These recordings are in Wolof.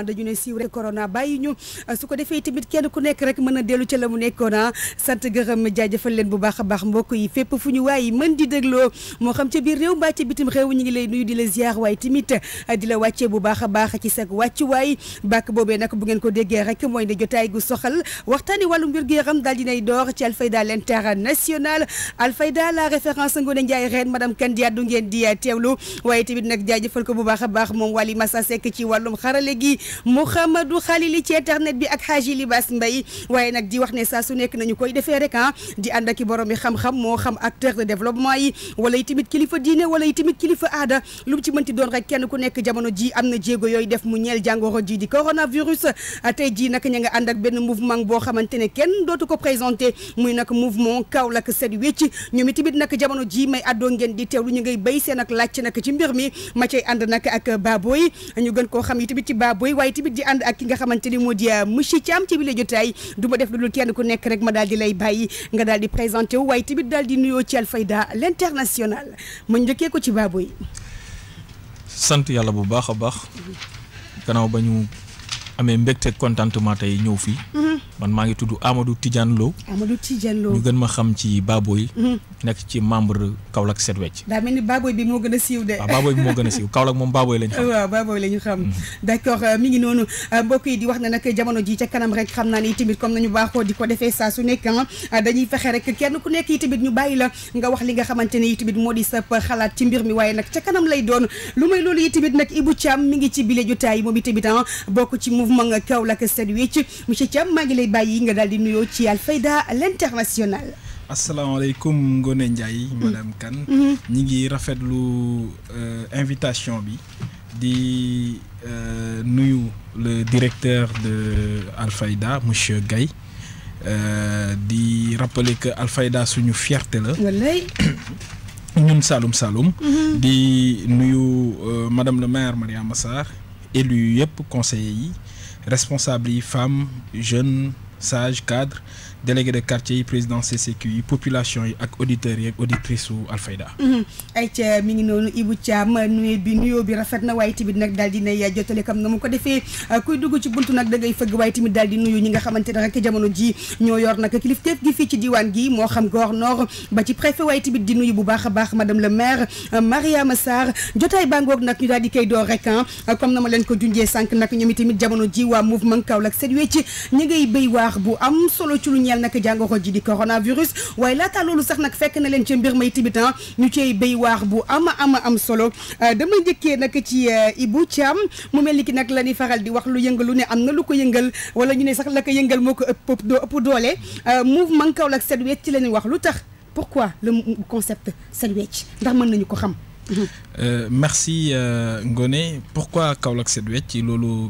dañu ne siiw rek corona bàyyi ñu euh, su ko defee tamit kenn ku nekk rek mën a dellu ca la mu nekkoon ah. sant gërëm jaajëfal leen bu baax a baax mbokk yi fépp fu ñu waaye mën di dégloo moo xam ca biir réew mbaa ca bitim réew ñu ngi lay nuyu di la ziar waaye tamit euh, di la wàccee bu baax a baax ci sag wàccuwaay boobee nag bu ngeen ko déggee rek mooy ne jotaay gu soxal waxtaani wàllum wér gu yaram daal dinay door ci Alfayda l'international Alfayda la référence Ngoné Ndiaye Reine madame Kandiadu ngeen di euh, teewlu waaye tamit nag jaajëfal ko bu baax a baax moom Wally Massa Seck ci wàllum xarale gi Mouhamadou Khalili ci internet bi ak Hadji Libaas mbay waaye nag di wax ne saa su nekk nañu koy defee rek ah di ànd ak i borom yi xam-xam moo xam acteur de développement yi wala itamit kilifa diine wala itamit kilifa aada lu mu ci mënti doon rek kenn ku nekk jamono ji am na jéego yooyu def mu ñeel jàngoro ji di coronavirus tey jii nag ña nga ànd ak benn mouvement boo xamante ne kenn dootu ko présenté muy nag mouvement Kaolack Set Wecc ñoom itamit nag jamono ji may àddoo ngeen di teewlu ñu ngay bay seen ak laaj nak ci mbir mi ma ànd nag ak Baboy ñu koo xam itamit ci Baboy yooyu waaye tamit di ànd ak ki nga xamante ni moo di euh, monsieur Thiam ci bi la jotaay du def lu dul kenn ku nekk rek ma daal di lay bàyyi nga daal di présenté wu waaye tamit daal di nuyoo ci Alfayda l'international ma njëkkee ko ci baabo yi sant yàlla bu baax a baax gannaaw ba ñu amee mbégte contentement tey ñëw fii mm-hmm. man maa ngi tudd Amadou Tidiane Lo. Amadou Tidiane Lo ñu gën ma xam ci Baboy. Hmm. nekk ci membre Kaolack Set Wecc. daa mel ni Baboy bi moo gën a siiw de. waaw Baboy bi moo gën a siiw Kaolack moom Baboy lañ xam. waaw Baboy lañu xam. Hmm. d' accord euh, mi ngi noonu euh, mbokk yi di wax ne nag jamono ji ca kanam rek xam naa ni tamit comme nañu baaxoo di ko defee saa su nekk ah, ah, dañuy fexe rek kenn ku nekk yi tamit ñu bàyyi la nga wax li nga xamante ne yi tamit moo di sa xalaat ci mbir mi waaye nag ca kanam lay doon lu may loolu yi tamit nag Ibou Thiam mi ngi ci bile jotaay moom itamit ah, bokk ci mouvement Kaolack Set Wecc monsieur Thiam maa ngi lay bayi nga daal di ci l'international. Ngone Ndiaye. madame Kan. Mm-hmm. Mm-hmm. ñi ngi rafetlu euh, invitation bi di euh, nuyu le directeur de alfaida monsieur Gay. Euh, di rappeler que alfaida suñu fierté la. wallaay. ñun Saloum Saloum. Mm-hmm. di nuyu madame le maire Mariama Massar élu yépp conseillers yi responsable femmes jeunes sage cadre délégué de quartier président CCQ population yi ak auditeurs yi ak auditrices su Alfayda. Mm-hmm. ayca mi ngi noonu Ibou Thiam nuyu bi nuyoo bi rafet na waaye tamit nag daal kam na mu ko defee ah, kuy dugg ci buntu nag da ngay fëgg waaye tamit daal ñi nga xamante rek jamono ji ñoo yor nag kilifteef gi ci gi xam goor nord ba ci préfet waaye tamit di nuyu bu baax baax madame le maire ah, Mariama Sarr jotaay bàngoog nag ñu daal di ah, comme na ma leen ko junjee sànq jamono ji mouvement Kaolack Set Wecc ñi ngay bu am solo ci lu ñeel nak jàngoro ji di coronavirus la ta lolu sax nak fekk na leen ci mbir may tibitan ah, ñu cey béy wax bu ama ama am solo euh, dama jikke nak ci euh, Ibou cham mu melni ki nak la faral di wax lu lu ne am na lu ko yëngal wala ñu ne sax la ko yëngal moko ëpp do ëpp doole euh, mouvement Kaolack Set Wecc ci lañu wax lu tax pourquoi le concept Set Wecc ndax mën nañu ko xam Euh, merci euh, Ngoné pourquoi Kaolack Set Wecc ci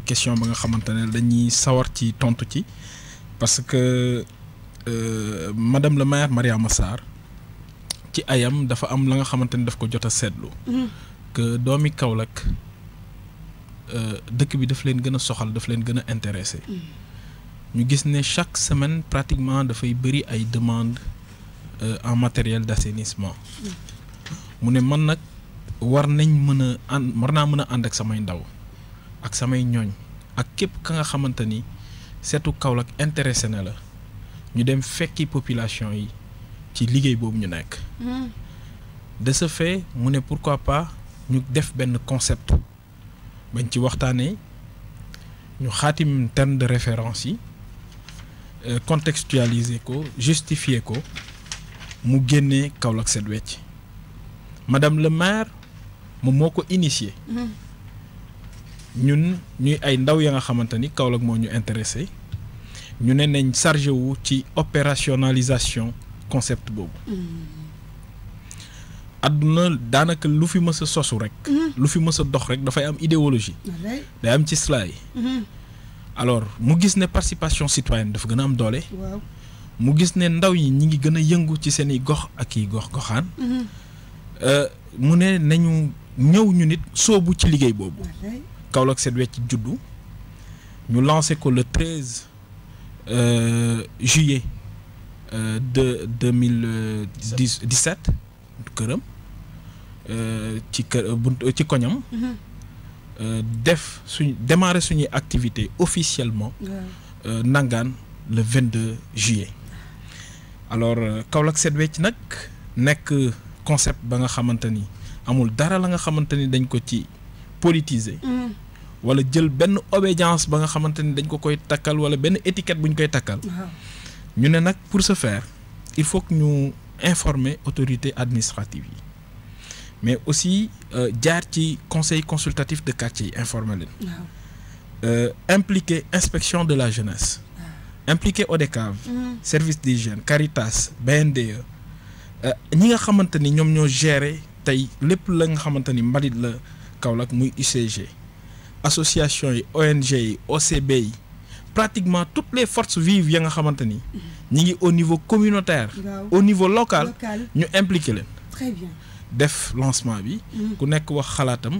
question ba nga xamante ne dañuy sawar ci tontu ci parce que euh, madame le maire Mariama Sarr ci ayam dafa am la nga xamante ni daf ko jot a seetlu. Mhm. que doomi Kaolack euh, dëkk bi daf leen gën a soxal daf leen gën a intéressé. Mhm. ñu gis ne chaque semaine pratiquement dafay bëri ay demandes euh, en matériel d'assainissement. Mhm. mu ne man nag war nañ mën a ànd war naa mën a ànd ak samay ndaw ak samay ñooñ ak képp ka nga xamante ni. seetu Kaolack intéressé na la ñu dem fekki population yi ci liggéey boobu ñu nekk. Hmm. de ce fait mu ne pourquoi pas ñu def benn concept bañ ci waxtaanee ñu xaatim terme de référence yi euh, contextualiser ko justifier ko mu génnee Kaolack set wecc madame le maire moom moo ko initié. Hmm. ñun ñuy ay ndaw ya nga xamante ni Kaolack moo ñu intéressé ñu ne nañ chargé wu ci opérationnalisation concept boobu. Mm-hmm. àdduna daanaka lu fi mës a sosu rek. Mm-hmm. lu fi mës a dox rek dafay am idéologie. day am ci cela yi. Mm-hmm. alors mu gis ne participation citoyenne dafa gën a am doole. mu gis ne ndaw yi ñu ngi gën a yëngu ci seen i gox ak i gox goxaan. Euh, mu ne nañu ñëw ñu nit soobu ci liggéey boobu. Kaolak Set Wecc juddu ñu lancé ko le 13 euh, juillet euh, de 2017 euh, këram euh, ci kër euh, ci koñam mhm. def activité officiellement euh, Nangaan le 22 juillet alors Kaolak Set Wecc nek nek concept ba nga xamante ni amul dara la nga xamante dañ ko ci politiser. Mm wala jël benn obédience ba nga xamante ni dañ ko koy takkal wala benn étiquette bu koy pour ce faire il faut que ñu informer autorité administrative mais aussi euh, jaar ci conseil consultatif de quartier informer leen. Euh, impliquer inspection de la jeunesse. Ah. impliquer ODECAV mm. service d'hygiène Caritas BNDE euh, ñi nga xamante ni ñoom ñoo gérer tey lépp la nga xamante ni mbalit la associations, ONG OCBI pratiquement toutes les forces vives au niveau communautaire au niveau local nous impliquons très bien def lancement bi mm. ku avons wax stratégie.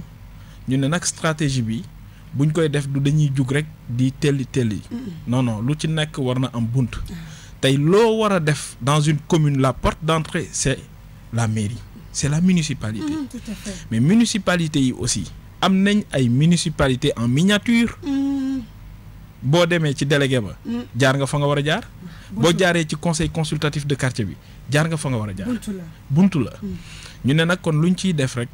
nous avons une stratégie bi buñ koy def du dañuy jug rek di telli non non lu ci war ah. dans une commune la porte d'entrée c'est la mairie c'est la municipalité mm, mais municipalité aussi am nañ ay municipalité en miniature mm. boo demee ci délégué ba mm. jaar nga fa nga war jaar boo conseil consultatif de quartier bi jaar nga fa nga war Buntula. jaar buntu la mm. ñu ne nag kon lu ñu def rek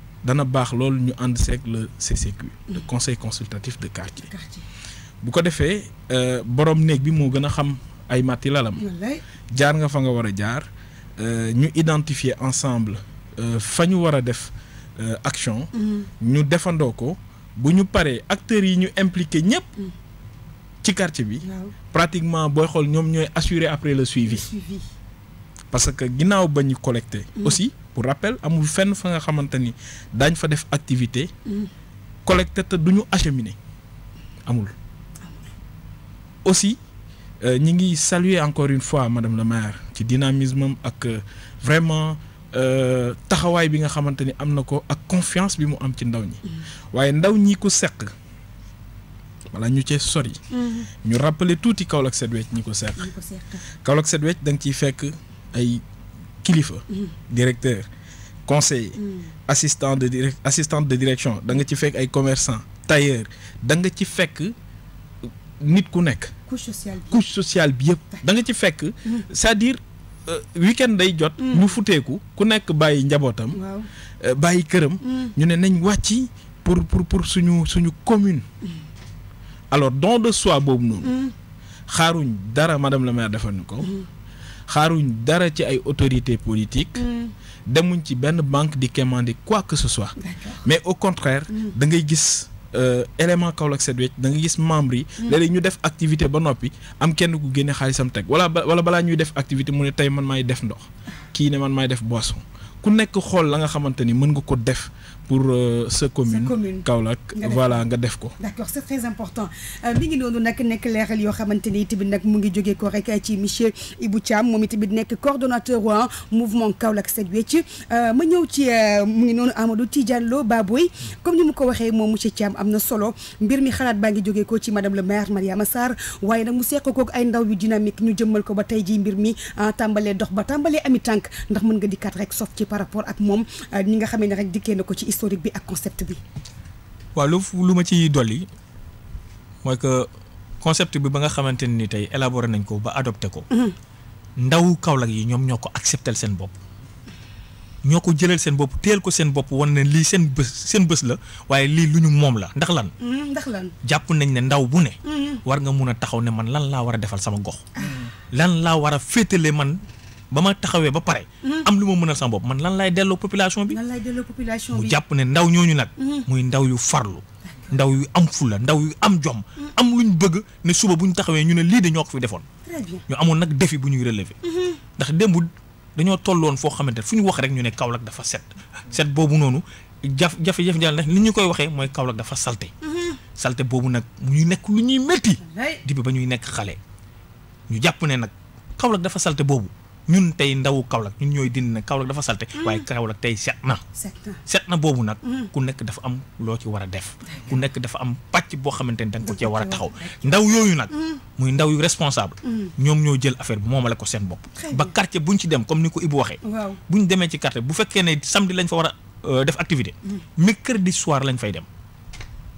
le CCQ le conseil consultatif de quartier bu ko defee euh, borom néeg bi moo gën a xam ay matti lalam jaar nga fa nga euh, identifier ensemble euh, fa ñu def euh, action. nous défendons ko bu ñu paré acteurs yi ñu impliqué ci quartier bi. pratiquement nous xol ñom assurer après le suivi. parce que nous ba ñu collecté. Mm. aussi pour rappel amul fenn fa nga xamante dañ fa def activité. Mm. collecter te duñu acheminer amul. aussi euh, ñi ngi saluer encore une fois madame le maire ci dynamisme am ak euh, vraiment. Euh, taxawaay bi nga xamante ni ko ak confiance bi mu am ci ndaw ñi waaye ndaw ñi ko seq wala ñu cee sori mm-hmm. ñu rappeler tuuti kawlak Set ñi ko seq directeur conseiller mm-hmm. assistant de assistante de direction da nga ci fekk commerçant tailleur da nga ci fekk nit ku couche sociale bi da nga mm-hmm. c'est-à-dire euh, week-end day jot. Mm. ñu futeeku ku nek baye njabootam. Euh, baye kërëm mm. ñu né nañ wacci pour pour pour suñu suñu commune. Mm. alors don de soi bobu noonu. xaruñ dara madame la maire defal ñuko xaruñ dara ci ay autorités politiques. demuñ ci benn banque di quémander quoi que ce soit. mais au contraire da ngay gis. Euh, élément Kaolack Set Wecc da nga gis membre yi. Mm. léeg ñu def activités ba noppi am kenn ku génne xaalisam teg wala wala balaa ñuy def activité mu ne tey man may def ndox kii ne man maay def boisson. ku nekk xool la nga xamante ni mën nga ko def pour euh, sa commune Kaolack voilà nga def ko d'accord c'est très important euh, mi ngi noonu nag nekk leeral yoo xamante ni tamit nag mu ngi jógee ko rek ci monsieur Ibou Thiam moom itamit nekk coordonnateur wa mouvement Kaolack Set Wecc euh, ma ñëw ci mu ngi noonu Amadou Tidiane Lo Baboy comme ni mu ko waxee moom monsieur Thiam am na solo mbir mi xalaat baa ngi jógee ko ci madame le maire Mariama Sarr waaye nag mu seq koog ay ndaw yu dynamique ñu jëmmal ko ba tey ji mbir mi ah, tàmbalee dox ba tàmbalee ami tànk ndax mën nga dikkaat rek sof ci par rapport ak moom ñi euh, nga xam ne rek dikkee na ko ci historique bi ak concept bi. waaw lu lu ma ci dolli mooy que concept bi ba nga xamante ne ni tey élaboré nañ ko ba adopté ko. Mhm. ndaw Kaolack yi ñoom ñoo ko accepté seen bopp. ñoo ko jëlal seen bopp teel ko seen bopp wan ne lii seen bës seen bës la waaye lii lu ñu moom la ndax lan. Mhm, ndax lan jàpp nañ ne ndaw bu ne. Mhm. war nga mun a taxaw ne man lan laa war a defal sama gox. Ah. lan laa war a féetale man ba ma taxawee ba pare. Hmm. am lu ma mën a sama bopp man lan lay delloo population bi. lan lay delloo population bi mu jàpp ne ndaw ñooñu nag. Hmm. muy ndaw yu farlu. ndaw yu am fulla ndaw yu am jom. Hmm. am luñ bëgg ne suba ñu taxawee ñu ne lii de ñoo ko fi defoon. très ñu amoon nag défi bu ñuy relever. ndax démb dañoo tolloon foo xamante ne fu ñu wax rek ñu ne Kaolack dafa set. set boobu noonu jaf jafe-jafe daal li ñu koy waxee mooy Kaolack dafa salte. salte boobu nag ñuy nekk lu ñuy métti. di bi ba ñuy nekk xale. ñu jàpp ne nag Kaolack dafa salte boobu ñun tey ndawu Kaolack ñun ñooy dindi ne Kaolack dafa salte mm. waaye Kaolack tey set na set na boobu nag mm. ku nekk dafa am loo ci war a def ku nekk dafa am pàcc boo xamante ni da ko cee war a taxaw ndaw yooyu nag mm. muy ndaw yu responsable ñoom ñoo jël affaire bi moomale ko seen bopp ba bu buñ ci dem comme ni ko Ibou waxee bu ñu demee ci quartier bu fekkee ne samdi lañ fa war a euh, def activité mercredi soir lañ fay dem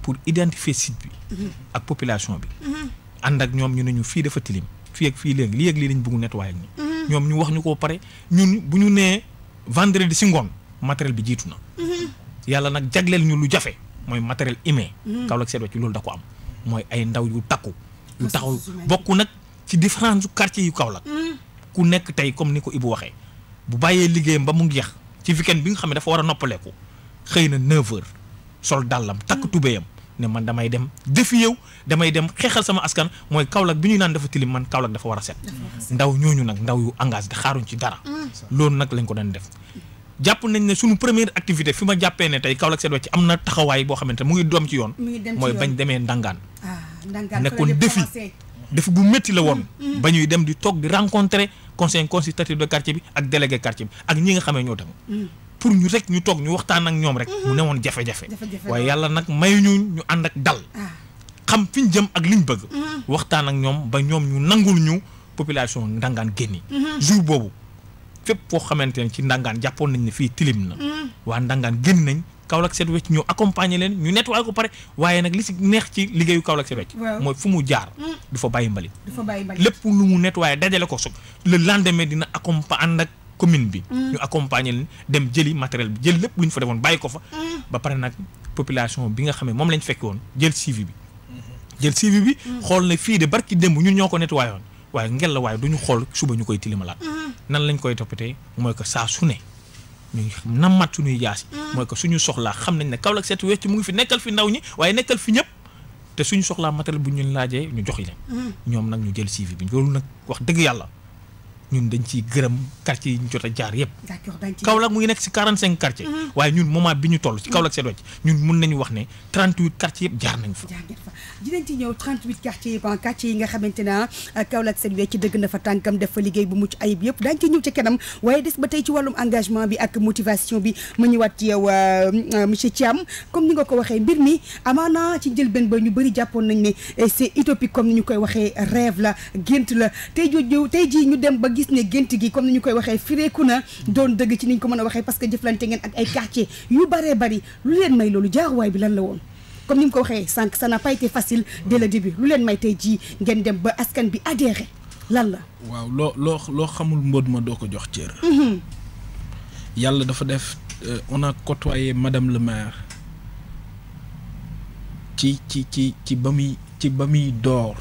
pour identifier site bi mm-hmm. ak population bi mm-hmm. ànd ak ñoom ñu ne ñu fii dafa tilim fii ak fii léegi lii ak lii lañ bëgg nettoyer ñu ñoom ñu wax ñu ko pare ñun bu ñu nee vendredi si ngoon matériel bi jiitu na. yàlla nag jagleel ñu lu jafe mooy matériel humain. Mm-hmm. Kaolack seet ci loolu da ko am mooy ay ndaw yu takku. yu taxaw bokk nag ci différents quartiers yu Kaolack. Mm-hmm. ku nekk tey comme ni ko Ibou waxee bu bàyyee liggéeyam ba mu ngi yeex ci weekend bi nga xam ne dafa war a noppaleeku xëy na 9h sol dàllam takk mm-hmm. tubéyam. ne man damay dem defi yow damay dem xeexal sama askan mooy Kaolack bi ñuy naan dafa tilim man Kaolack dafa war a set ndaw ñooñu nag ndaw yu engage te xaaruñ ci dara mm. loolu nag lañ ko doon def jàpp nañ ne suñu première activité fi ma jàppee ne tey Kaolack Set ci am na taxawaay boo xamante mu ngi doom ci yoon mooy bañ demee ndangaan ah, nekkoon défi défi bu métti la woon mm, mm, ba ñuy dem di toog di rencontrer conseil consultatif de quartier bi ak délégué quartier bi ak ñi nga xamee ñoo tam pour ñu rek ñu toog ñu waxtaan ak ñoom rek. Mhm. mu ne woon jafe-jafe. waaye yàlla nag mayuñu ñu ànd ak dal. Ah. xam fi jëm ak liñ bëgg. Mhm. waxtaan ak ñoom ba ñoom ñu nangul ñu population ndangaan génni. Mhm. jour boobu fépp foo xamante ne ci ndangaan jàppoon nañ ne fii tilim na. waa ndangaan génn nañ. Kaolack Set Wecc ñoo accompagner leen ñu nettoyé ko pare waaye nag li si neex ci liggéeyu Kaolack Set Wecc mooy fu mu jaar du fa bàyyi mbali lépp lu mu nettoyé dajale ko soog commune bi. Mm. ñu accompagner dem jëli matériel bi jël lepp lu fa defon bayiko fa. Mm. ba paré nak population bi nga xamé mom moom lañ fekk woon jël suivi bi. Mm-hmm. jël suivi bi. Mm. xol na fi de barki dem ñun ñoko ko way ngel la waaye du ñu xool suba ñukoy koy tilimalaat. nan lañ koy toppatee moy ko sa suné ne ñu namat suñuy jaas yi. mooy suñu soxla xam nañ ne Kaolack set wéccu mu ngi fi nekkal fi ndaw ñi waye nekkal fi ñëpp. te suñu soxla matériel bu ñu laajee ñu jox leen. ñoom nag ñu jël suivi bi loolu nak wax deug yalla ñun dañ ci gërëm quartier ñu jot jaar yépp Kaolack mu ngi nekk si 45 quartier mm-hmm. waaye ñun moment bi ñu toll si Kaolack seen wacc ñun mun nañu wax ne 38 quartier yëpp jaar nañ fa dinañ ci ñëw 38 quartier yëpp ah, quartier yi nga xamante ne ah, Kaolack seen wecc dëgg na fa tànkam def fa liggéey bu mucc ayib yëpp daañ ci ñëw ci kanam waaye des ba tey ci wàllum engagement bi ak motivation bi mu ñëwaat ci yow ah, monsieur Thiam comme ni nga ko waxee mbir mi amaana ci njëlbeen ba ñu bëri jàppoon nañ ne eh, c'est utopique comme ni ñu koy waxee rêve la gént la tey jii tey jii ñu dem ba gis ne gént gi comme ni ñu koy waxee fireeku na doon dëgg ci ni ñu ko mën a waxee parce que jëflante ngeen ak ay quartier yu baree bari lu leen may loolu jaaruwaay bi lan la woon comme ni mu ko waxee sànq ça n'a pas été facile dès le début lu leen may tey ci ngeen dem ba askan bi adhéré lan la waaw loo loo loo xamul mbóot ma doo ko jox cër mhm. yàlla dafa def euh, on a côtoyé madame la maire ci ci ci ci ba muy ci ba muy door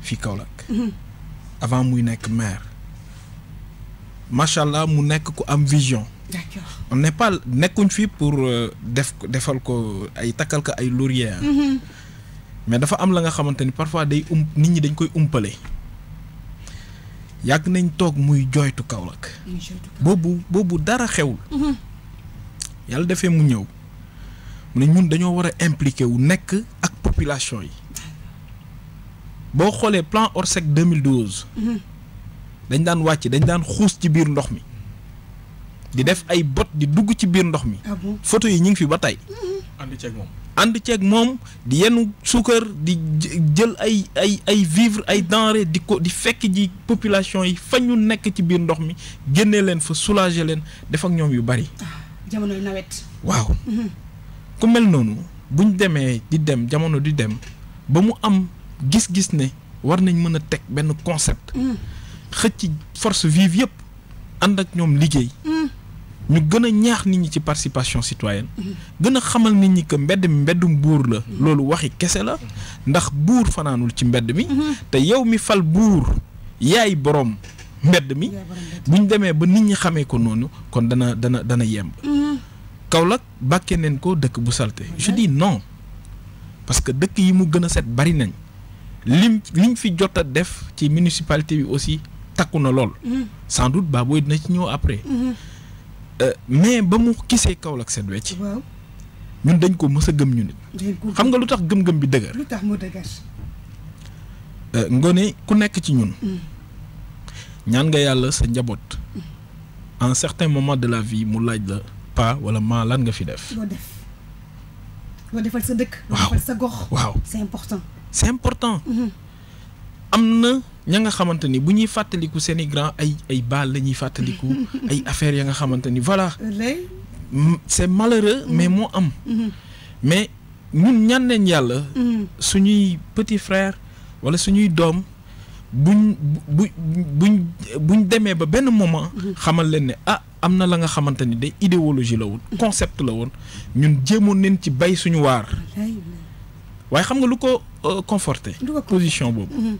fi Kaolack mhm. avant muy nekk maire Masha allah vision. on n'est pas nekkuñ fi pour euh, def defal ko ay takal ko mhm. mais dafa am la nga parfois day um, ñi dañ koy umpale. yag nañ tok muy joytu Bobu, dara xewul. Mhm. yalla defé mu ñun a impliqué ak population yi. plan Orsec 2012 dañ daan wàcc dañ daan xuus ci biir ndox mi di def ay bot di dugg ci biir ndox mi ah photo yi ñu ngi fi ba tey ànd ceeg moom ànd ceeg moom di yenu suukar di jël ay ay ay vivre ay denrées di ko di fekk ji population yi fa ñu nekk ci biir ndox mi génnee leen fa soulager leen def ak ñoom yu bari ah, jamono nawet waaw mhm. ku mel noonu buñ demee di dem jamono di dem ba mu am gis-gis ne war nañ mën a teg benn concept mhm. xëcc force vive yëpp ànd ak ñoom liggéey. Mm. ñu gën a ñaax nit ñi ci participation citoyenne. Mm-hmm. gën a xamal nit ñi que mbedd mi mbeddum buur la. Mm-hmm. loolu waxi kese la mm-hmm. ndax buur fanaanul ci mbedd mi. te yow mi fal buur yaay boroom mbedd mi buñ demee ba nit ñi xamee ko noonu kon dana dana dana yemb. Kaolack bàkkee neen ko dëkk bu salte je dis non parce que dëkk yi mu gën a set bari nañ lim liñ fi jot a def ci municipalité bi aussi. takuna lol mm-hmm. sans doute Baboy dina ci ñëw après. Mm-hmm. Euh, mais ba mu gisee Kaolack sen wecc ñun dañ ko mësa gëm ñu nit xam nga lutax gëm-gëm bi dëgër. lutax mo mu euh ngone ku nekk ci ñun. Mm. ñaan nga yalla sa njaboot. Mm. en certain moment de la vie mu laaj la pa wala maa lan nga fi def. loo def loo defal sa dëkk. waaw defal sa gox. waaw c'est important. c'est important. Mm-hmm. am na ña nga xamante ni bu ñuy fàttaliku seen i grand ay ay baal la ñuy fàttaliku ay affaires ya nga xamante ni voilà c'est malheureux mm-hmm. mais moo am mm-hmm. mais ñun ñaan leen yàlla mm-hmm. suñuy petit frère wala suñuy doom buñ bu buñ demee ba benn moment xamal leen ne ah am na la nga xamante ni day idéologie la woon concept la woon ñun jéemoon nañ ci bay suñu waar waaye xam nga lu ko euh, conforter position boobu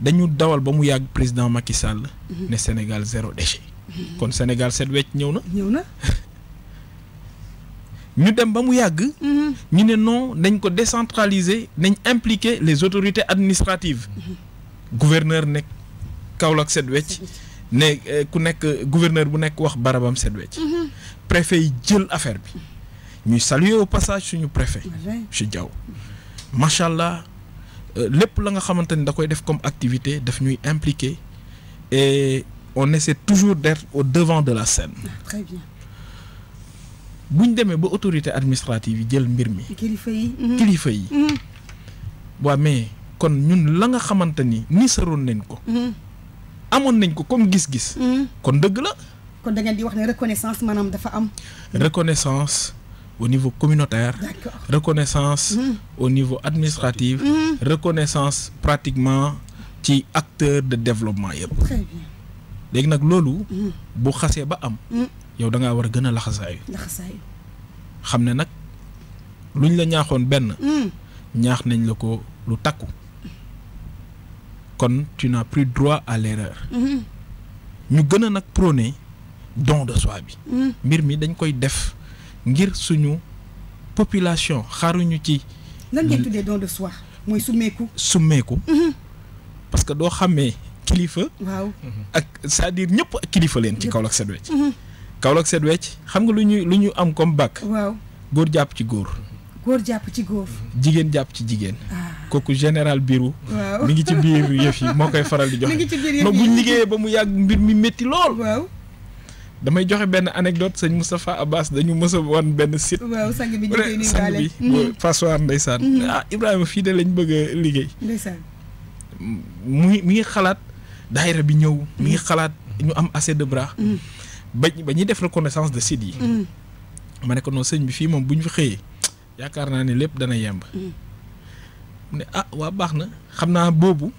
dañu dawal ba mu président Macky Sall. Mhm. ne Sénégal zéro déchet. kon Sénégal set wecc ñewna ñewna ñu dem ba mu mhm. ñu né non dañ ko décentraliser dañ impliquer les autorités administratives. Mhm. gouverneur nekk Kaolack set wecc ne eh, ku nek gouverneur bu nek wax barabam set wecc préfet yi jël affaire bi. ñuy saluer au passage suñu préfet. monsieur Diaw machallah euh, lépp la nga xamante ni da koy def comme activité daf ñuy impliqué et on essaie toujours d'être au devant de la scène. Ah, très bien. bu ñu demee ba autorité administrative yi jël mbir mi. kilifa yi mhm. kilifa yi. Mhm. waa mais kon ñun la nga xamante ni ni saroon nañ ko. Mhm. amoon nañ ko comme gis-gis. kon dëgg la. kon da ngeen di wax ne reconnaissance maanaam dafa am. reconnaissance au niveau communautaire, reconnaissance hmm. au niveau administratif, hmm. reconnaissance pratiquement ci acteur de développement Très bien nak lolu hmm. bu xasse ba am. yow da nga wara gëna la a la xam ne nag luñ la ñaaxone ben ñaax nañ la ko lu takku. kon tu n'as plus droit à l'erreur ñu gëna a proné don de soi bi. mbir mi dañ koy def. ngir suñu population xaaruñu ci. lan ngeen tuddee don de soi mooy summeeku. summeeku. Mhm. parce que doo xamee kilifa. waaw ak c'est-à-dire ñëpp ak kilifa leen ci Kaolack Set Wecc. Mhm. Kaolack Set Wecc xam nga lu ñuy lu ñu am comme bac. waaw góor jàpp ci góor. góor jàpp ci góor. Mhm. jigéen jàpp ci jigéen. Ah. kooku général biiru mi ngi ci biir yëf yi moo koy faral di joxe. mi ngi ci liggéeyee ba mu yàgg mbir mi métti lool. waaw damay joxe benn anecdote sëñ Moustapha Abbas dañu mës a benn site. waaw sang bi ñu koy nuyuwaale sang mhm. ndeysaan. Mhm. ah Ibrahima fii de lañ bëgg a liggéey. mu ngi mi ngi xalaat daayira bi ñëw. mi ngi mhm. xalaat ñu am assez de bras. ba ba ñuy def reconnaissance de site yi. ma ne ko non sëñ bi fii moom bu ñu fi xëyee yaakaar naa ne lépp dana yemb. mu ne ah waa baax na xam naa boobu.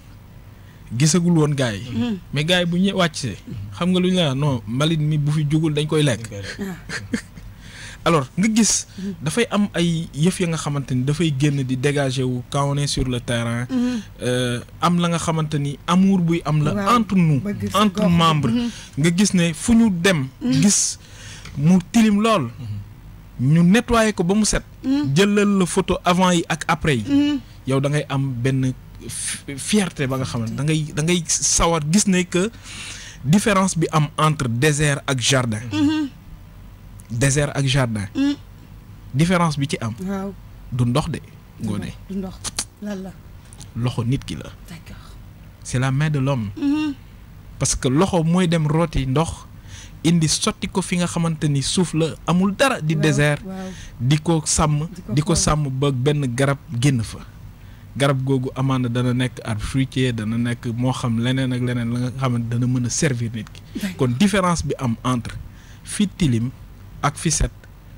gisagul woon gars yi. Hmm. mais gars yi bu ñu wàcc see xam nga lu ñu la non mbalit mi bu fi jugul dañ koy lekk. alors nga gis. Hmm. dafay am ay yëf ya nga xamante ni dafay génn di dégager wu quand on sur le terrain. Hmm. Euh, am la nga xamante ni amour buy am la. entre membre entre nga gis ne fu ñu dem. gis mu tilim lool. ñu nettoyer ko ba mu set. jëlal la photo avant yi ak après yi. yow da ngay am benn. fierté ba nga xam da ngay da ngay sawar gis ne que différence bi am entre désert ak jardin. Mm-hmm. désert ak jardin. Mm. différence bi ci am. waaw du ndox de. ngone du ndox lan la. loxo nit ki la. d'accord c'est la main de l'homme mm-hmm. parce que loxo mooy dem roti ndox indi sotti ko fi nga xamante ni suuf la amul dara di désert di ko sàmm di ko sàmm ba benn garab génn fa garab googu amaana dana nekk arbre fruitier dana nekk moo xam leneen ak leneen la nga xamante dana mën a servir nit ki kon différence bi am entre fi tilim ak fi set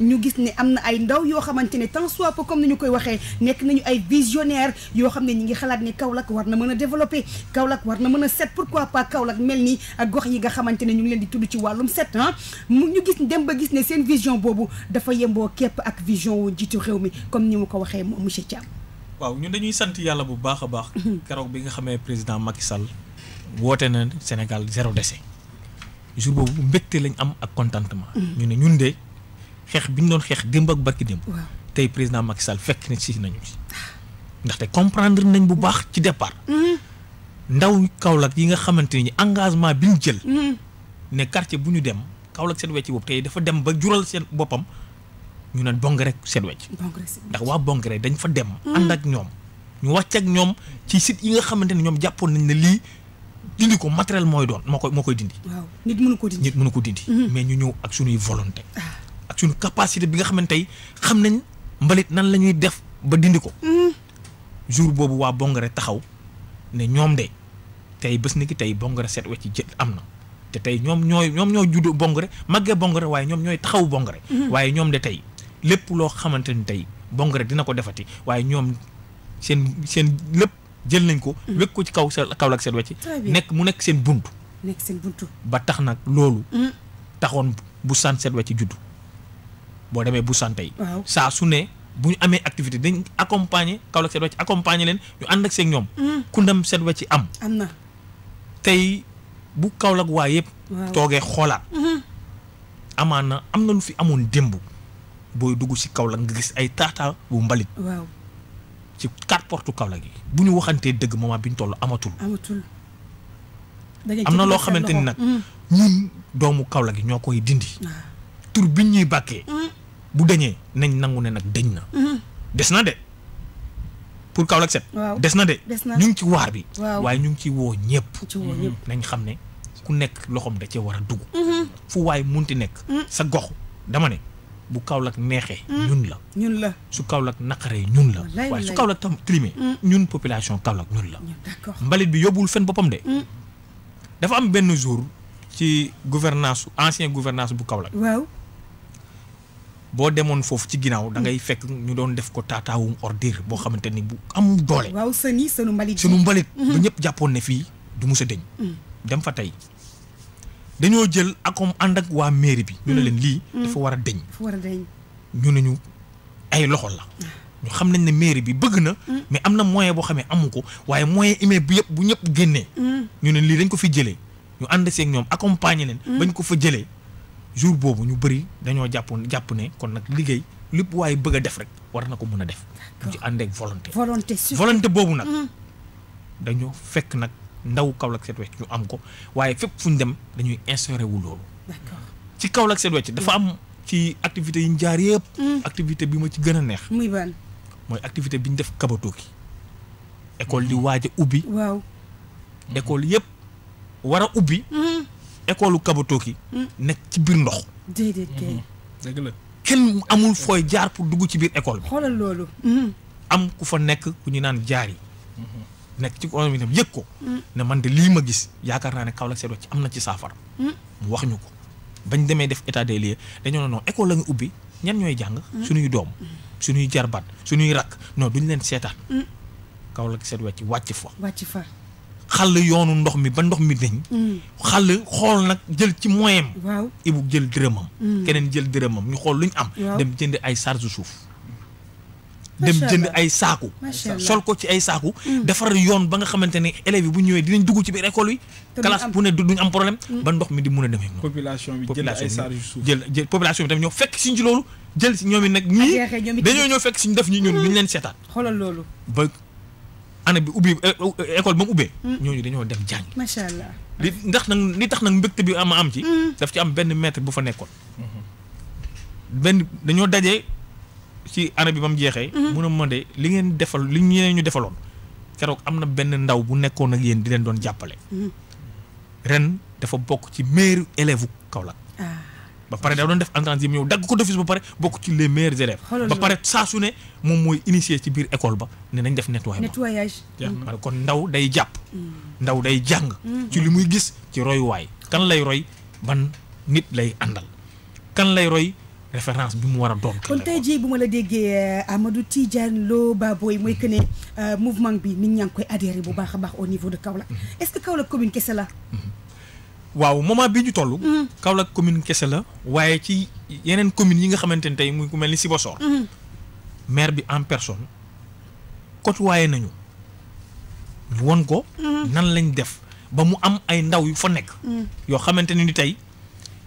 ñu gis ne am na ay ndaw yoo xamante ne tant soit peu comme ni ñu koy waxee nekk nañu ay visionnaire yoo xam ne ñi ngi xalaat ne Kaolack war na mën a développer Kaolack war na mën a set pourquoi pas Kaolack mel ak gox yi nga xamante ne ñu ngi di tudd ci wàllum set ah. dem ba gis ne seen vision boobu dafa yemboo képp ak vision wu jiitu réew mi comme ni mu ko waxee monsieur Thiam. waaw ñun dañuy sant yàlla bu baax a baax. Mhm. keroog bi nga xamee président Macky Sall woote na Sénégal zéro déchet jour boobu mbégte lañ am ak contentement. Mhm. ñu ne ñun de. xeex bi ñu doon xeex démb ak barki démb. tey président Macky Sall fekk na si nañu si. ndaxte comprendre nañ bu baax ci depart mm-hmm. ndaw Kaolack yi nga xamante ni engagement bi ñu jël. Mm-hmm. ne kartie bu ñu dem Kaolack seen wecc boobu tey dafa dem ba jural seen boppam ñu ne bong rek seen wecc. ndax waa bong dañ fa dem. Mm-hmm. ànd ak ñoom ñu wàcc ak ñoom ci site yi nga xamante ni ñoom jàppoon nañ ne lii. dindi ko matériel mooy doon moo koy moo koy dindi. nit mënu ko dindi nit ko dindi. mais ñu ñëw ak suñuy volonté. Ah. ak suñu capacité bi nga xamante tey xam nañ mbalit nan la ñuy def ba dindi ko. Mm. jour boobu waa Bongare taxaw ne ñoom de tey bés ni ki tey Bongare seet wecc ci jët am na te tey ñoom ñooy ñoom ñoo judd Bongare màggee Bongare waaye ñoom ñooy taxaw Bongare. Mm-hmm. waaye ñoom de tey lépp loo xamante ni tey Bongare dina ko defati waaye ñoom seen seen lépp jël nañ ko. Mm-hmm. wekk ko ci kaw sa Kaolack seet wecc nekk mu nekk seen bunt nekk ba tax nag loolu. Mm. taxoon bu san seet wecc juddu. bo démé bu santé yi saa su ne bu ñu amé activité dañ accompagner Kaolack sét wacc accompagner leen ñu and ak sék ñom mm. ku ndam sét wacc am amna tay bu kaw waa wa yépp togué mm-hmm. amaan amana amna lu fi amone dembu boy dugg ci Kaolack nga gis ay tata bu mbalit waaw ci quatre kaw Kaolack yi bu ñu waxanté deug mama biñ tollu amatul amatul amna lo xamanteni nak, mm. ñun doomu kaw dindi tur biñ ñuy bakké bu dañee nañ nangu ne nag dañ na. Mhm. des na de pour Kaolack set. des na de. ñu ngi ci waar bi. waaye ñu ngi ci woo ñëpp. Mhm. nañ xam ne ku nekk loxoom da cee war a dugg. Mhm. fu mun munti nekk. sa gox dama ne. bu Kaolack neexee. ñun la ñun la. su Kaolack naqaree ñun la. waaye su Kaolack tam tilimee. ñun population Kaolack ñun la. mbalit bi yóbbul fenn boppam de. dafa am benn jour ci gouvernance ancien gouvernance bu Kaolack. waaw boo demoon foofu ci ginnaaw dangay fekk ñu doon def ko taataawum ordure boo xamante ni bu am doole. waaw sëni sunu mbalit. sunu mbalit. ba mhm. ñëpp jàppoon ne fii du mus a mm. dem fa tey dañoo jël akom ànd ak waa mairie bi. ñu ne mm. leen lii. Mm. dafa war a deñ ñu ne ñu ay loxo la. Ah. xam nañ ne mairie bi bëgg na. mais am na moyen boo xamee amu ko waaye moyen imee bu yëpp bu ñëpp génnee. ñu ne lii dañ ko fi jëlee ñu ànd seek ñoom accompagner leen. bañ ko fa jëlee. jour boobu ñu bëri dañoo jàppoon jàpp ne kon nag liggéey lépp waaye bëgg a def rek war na ko mën a def. ci ànd ak volonté. volonté volonté boobu nag. Mm-hmm. dañoo fekk nag ndaw Kaolack Set ñu am ko waaye fépp fu ñu dem dañuy insérer wu loolu. ci Kaolack Set Wecc dafa am ci activité yi ñu jaar yëpp. Mm. activité bi ma ci gën a neex. muy mooy activité bi ñu def kabatooki école di mm. waaj ubbi. waaw école war a ubbi. Mm-hmm. école Kabatoki. Hmm. nekk ci biir ndox. déedéet hmm. la kenn amul fooy jaar pour dugg ci biir école bi. loolu. Hmm. am ku fa nekk ku ñu naan jaar yi. nekk ci ko bi dem yëg ko. ne man de lii ma gis yaakaar naa ne Kaolack seet ci am na ci saafara. mu wax ñu ko bañ demee def état des dañoo ne non école la nga ubbi ñan ñooy jàng. suñuy doom suñuy jarbaat suñuy rakk non duñ leen seetaan. Kaolack seet ci wàcc fa. wàcc fa. xàll yoonu ndox mi ba ndox mi deñ mm. xàll xool nag jël ci moyen am ibu jël dërëmam mm. keneen jël dërëmam ñu xool lu ñu am dem jënd ay charge suuf dem jënd ay saaku sol ko ci ay saaku mm. defar yoon ba nga xamante ne élèves yi bu ñëwee dinañ dugg ci biir école yi classe bu ne duñ am problème ba ndox mi di mun a demee noonu population bi jël ay charge suuf jël population bi tamit ñoo fekk siñ ci loolu jël si ñoom nag ñii dañoo ñoo fekk siñ def ñi ñun ñu leen seetaat xoolal loolu ba année bi ubbi euh, école ba mu ubbee. Hmm. ñooñu dañoo def jàng. macha allah li ndax nag li tax nag mbégte bi am am ci. Hmm. daf ci am benn maître bu fa nekkoon. benn dañoo dajee ci année bi ba jeexee. Hmm. mun a mën de li ngeen defal li ñeneen ñu defaloon keroog am na benn ndaw bu nekkoon ak yéen di leen doon jàppale. ren dafa bokk ci meilleur élève Kaolack. ba pare da doon def entrance yim ñëw dagg ko defis ba pare bokk ci les meilleurs élèves ba pare saa su ne moom mooy initier ci biir école ba ne nañ def nettoyage ba mm. kon ndaw day jàpp mm. ndaw day jàng mm. ci li muy gis ci royuwaay kan lay roy ban nit lay àndal kan lay roy référence bi mu war a doon. kon tey jii bu ma la déggee eh, Amadou Tidiane Lo Baboy mooy que ne eh, mouvement bi nit ñaa ngi koy adhéré bu baax a baax au niveau de Kaolack mm-hmm. est-ce que Kaolack commune kese la. Mm-hmm. waaw moment bi ñu toll mm-hmm. Kaolack commune kese la waaye ci yeneen commune yi nga xamante ne tey muy ku mel ni Sibassor mm-hmm. maire bi en personne côtoyé nañu won ko mm-hmm. nan lañ def ba mu am ay ndaw yu fa nekk yoo xamante ni tey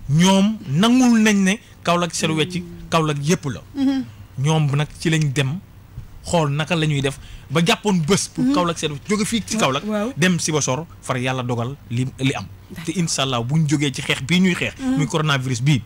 ñoom nangul nañ ne Kaolack seru wecc Kaolack yépp la ñoom nag ci lañ dem xool naka lañuy def ba jàppoon bés pour Kaolack seru joge fii ci dem sibosor far yàlla dogal li li am te incha allah bu ñu jógee ci xeex bii ñuy xeex. muy coronavirus bii.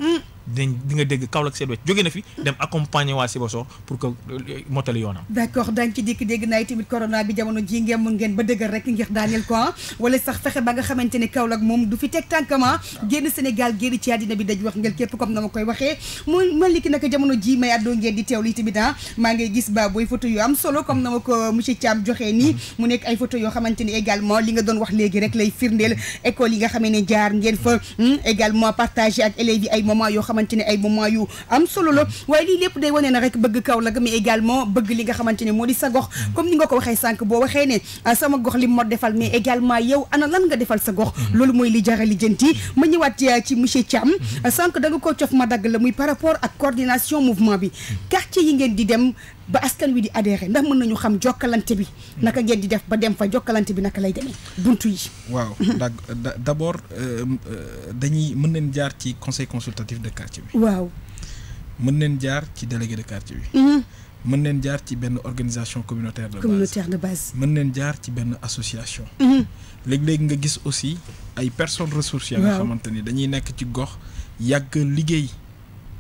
dinañ nga dégg Kaolack Seet Wecc jóge na fi dem accompagner waa Sibassor pour que euh, motali yoonam d' accord ci dikk dégg naa tamit corona bi jamono ji ngeen mun ngeen ba dëgër rek ngir daaneel ko wala sax fexe ba nga xamante ne Kaolack moom du fi teg tànkama ah. génn Sénégal génn ci àddina bi daj wax ngeen képp comme na ma koy waxee mu ma liki naka jamono ji may àddoo ngeen di teewlu tamit ah maa ngay gis ba booy photo yu am solo comme na ma ko monsieur Thiam joxee nii mu nekk ay photo yoo xamante ni également li nga doon wax léegi rek lay firndeel école yi nga xamee ne jaar ngeen fa hmm, également partagé ak élèves yi ay moment yoo xamante ne ay moment yu am solo la mm. waaye lii lépp day wane na rek bëgg Kaolack mais également bëgg li nga xamante ne moo di sa gox mm. comme ni nga ko waxee sànq boo waxee ne ah, sama gox li moo defal mais également yow ana lan nga defal sa gox mm. loolu mooy li jara lijjanti ma ñëwaat ci monsieur Thiam sànq da nga ko cof ma dagg la muy par rapport ak coordination mouvement bi quartier yi ngeen di dem ba askan wi di adhéré ndax mën nañu xam jokkalante bi naka ngeen di def ba dem fa jokkalante bi naka lay demee buntu yi waaw da d'abord euh, euh, dañuy mën neen jaar ci conseil de quartier bi waaw mën nañ jaar ci délégué de bi mm-hmm. mën nañ jaar ci benn organisation communautaire de base communautaire de base. mën nañ jaar ci benn association. Mm-hmm. léeg léegi nga gis aussi ay personne ressources. ya nga xamante ni dañuy nekk ci gox yàgg liggéey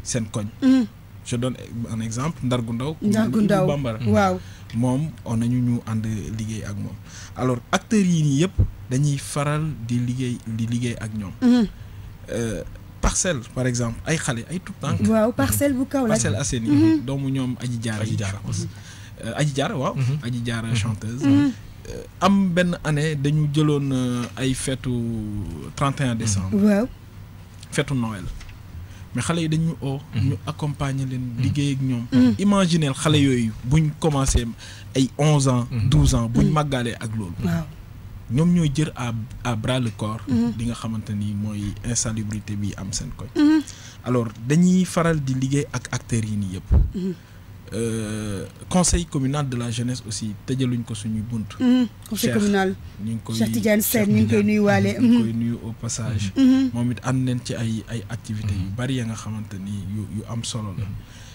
seen koñ. Mm-hmm. je donne un exemple Ndar gu ndaw. bambara waaw. mom on nañu ñu and liggéey ak mom alors acteurs yi nii yépp dañuy faral di liggéey di liggéey ak ñoom. Mhm. Euh, parcelle par exemple ay xale ay tout temps. waaw parcelle bu kaw la parcelle Assainies. Mhm. doomu ñom aji jaara aji jaara aji euh, jaara waaw. Mhm. aji jaara chanteuse. Euh, am ben année dañu jëlone ay feetu 31 décembre. waaw feetu Noël mais xalé yi dañu o mm-hmm. ñu accompagner leen mm-hmm. liggéey ak ñom mm-hmm. imaginer xalé yoy buñ commencé ay 11 ans 12 ans buñ magalé ak lool ñom ñoy jër à à bras le corps li nga xamanteni moy insalubrité bi am sen koy alors dañuy faral di liggéey ak acteur yi ni yépp euh, conseil communal de la jeunesse aussi tëjaluñ ko suñu suñuy bunt. Mhm, conseil communal ñing ngi koy Cheikh Tidiane Sène ñu ngi koy nuyuwaale. ñu ngi koy mhm. nuyu au passage. Mhm. momit it am nañ ci ay ay activités yu bari ya nga xamanteni yu yu am solo la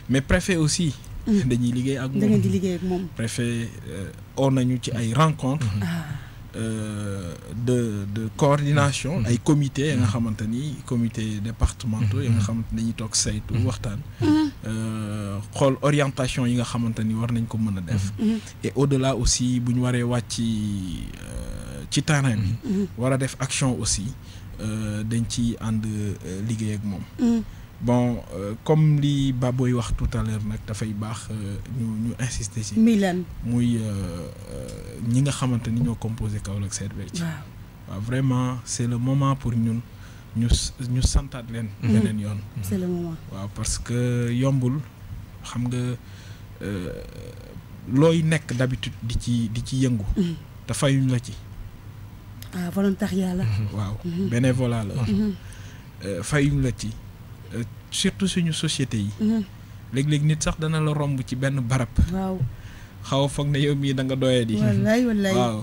mais préfet aussi. dañuy liggéey ak moom dañuy liggéey ak mom préfet euh, on nañu ci ay rencontres. Ah. Euh, de de coordination mm-hmm. ay comité ya nga mm-hmm. xamante comité départementaux ya nga mm-hmm. xamante dañuy toog saytu waxtaan euh, xool orientation yi nga xamante war nañ ko mën def et au delà aussi bu ñu waree wàcc ci euh, ci terrain bi def action aussi dañ ci ànd liggéey ak moom bon euh, comme li Baboy wax tout à l'heure da fay bax euh, ñu ñu insister ci. milan lan muy euh, ñi nga xamante ni ñoo composé Kaolack Set Wecc wa vraiment c'est le moment pour ñun ñu ñu santat len mhm. benen yoon. Mhm. c'est le moment. wa parce que yombul xam nga loy nek d'habitude di ci di ci yëngu. Mhm. fay ñu la ci. ah volontariat la. waaw bénévolat la. fayuñ la ci. surtout suñu société yi. léegi mhm. léeg nit sax dana la romb ci benn barab. waaw xaw a foog ne yow mii da nga doyee di. wallaay wallaay waaw.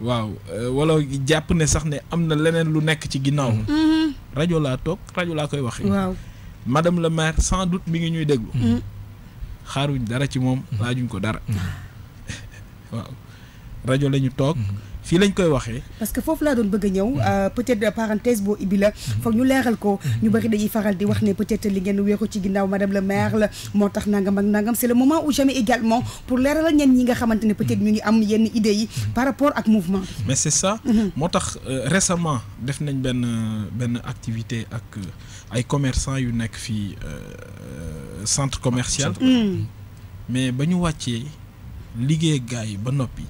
waaw euh, wala jàpp ne sax ne am na leneen lu nekk ci ginnaaw. Mhm. Mhm. rajo laa toog rajo laa koy waxee. waaw madame le maire sans doute mi ngi ñuy déglu. xaaruñ dara ci moom laajuñ ko dara. waaw rajo la ñu toog. fi lañ koy waxee. parce que foofu laa doon bëgg a ñëw hmm. euh, peut-être parenthèse boo ibbi la hmm. foog ñu leeral ko hmm. ñu bëri dañuy faral di wax ne peut-être li ngeen wéeru ci ginnaaw madame le maire la moo tax nangam ak nangam c'est le moment où jamais également pour leeralal ñen ñi nga xamante ne peut-être ñu ngi am yenn idées yi par rapport ak mouvement mais c'est ça. moo tax euh, récemment def nañ benn benn activité ak euh, ay commerçants yu nekk fii centre commercial. mais ba ñu wàccee liggéey gars yi ba noppi.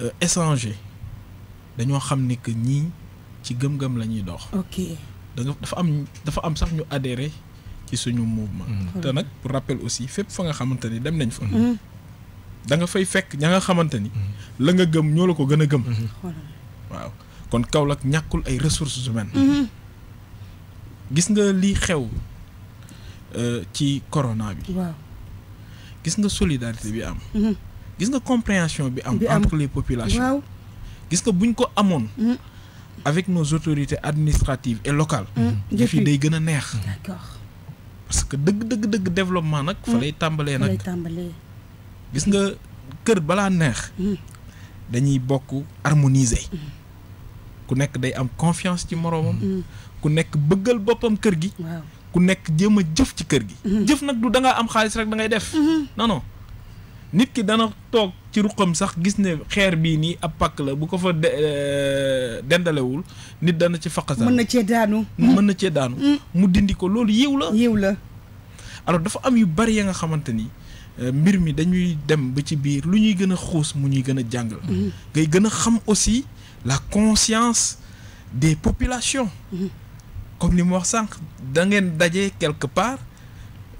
Euh, échanger dañoo xam ni que ñii ci gëm-gëm la ñuy dox. ok dafa am dafa am sax ñu adhéré ci suñu mouvement. Mm. te nag pour rappel aussi fépp fa nga xamante ni dem nañ fa. Mm. da nga fay fekk ña nga xamante ni. Mm. la nga gëm ñoo la ko gën a gëm. Mm-hmm. waaw kon Kaolack ñàkkul ay ressources humaines. Mm-hmm. gis nga lii xew euh, ci corona bi. gis nga solidarité bi am. Mm-hmm. gis nga compréhension bi am entre les populations gis nga buñ ko amoon mm. avec nos autorités administratives et locales daf mm. yi day gën a neex parce que dëgg dëgg dëgg développement nag fa mm. lay tàmbalee nag gis nga kër balaa neex dañuy bokk harmoniser ku nekk day am confiance ci moroomam ku nekk bëggal boppam kër gi ku nekk jéem a jëf ci kër gi jëf nag du da ngaa am xaalis rek da ngay def mm-hmm. non non nit ki dana toog ci ruqam sax gis ne xeer bii nii ab pàkk la bu ko fa euh, dendalewul nit dana ci faqasa mën na cee daanu mën na cee daanu mm. mu dindi ko loolu yiw la yiw la alors dafa am yu bari ya nga xamante ni euh, mbir mi dañuy dem ba ci biir lu ñuy gën a xuus mu ñuy gën a jàngal mm. ngay gën a xam aussi la conscience des populations mm. comme les mu wax sànq da ngeen daje quelque part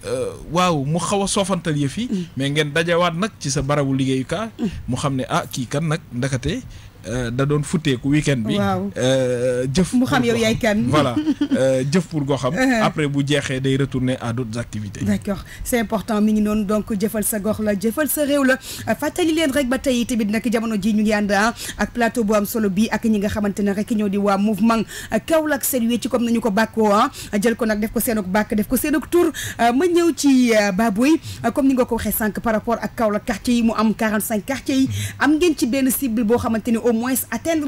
Euh, waaw mu xaw a soofantal yëf yi mm. mais ngeen dajawaat nag ci sa barabu liggéeyukaay mm. mu xam ne ah kii kan nag ndakate Euh, da doon futteeku weekend bi. Euh, jëf mu xam yow yaay kan. voilà euh, jëf pour goo xam. Uh-huh. après bu jeexee day retourner à d'autres activités. d'accord c'est important mi ngi noonu donc jëfal sa gox la jëfal sa réew la fàttali leen rek ba tey tamit nag jamono ji ñu ngi ànd ah, ak plateau bu am solo bi ak ñi nga xamante ne rek ñoo di waa mouvement Kaolack Set Wecc comme nañu ko bàkkoo ah jël ko nag def ko seenug bàkk def ko seenug tour ma ñëw ci Baboy comme ni nga ko waxee sànq par rapport ak Kaolack quartier yi mu am 45 quartier yi am ngeen ci benn cible boo xamante ni au moins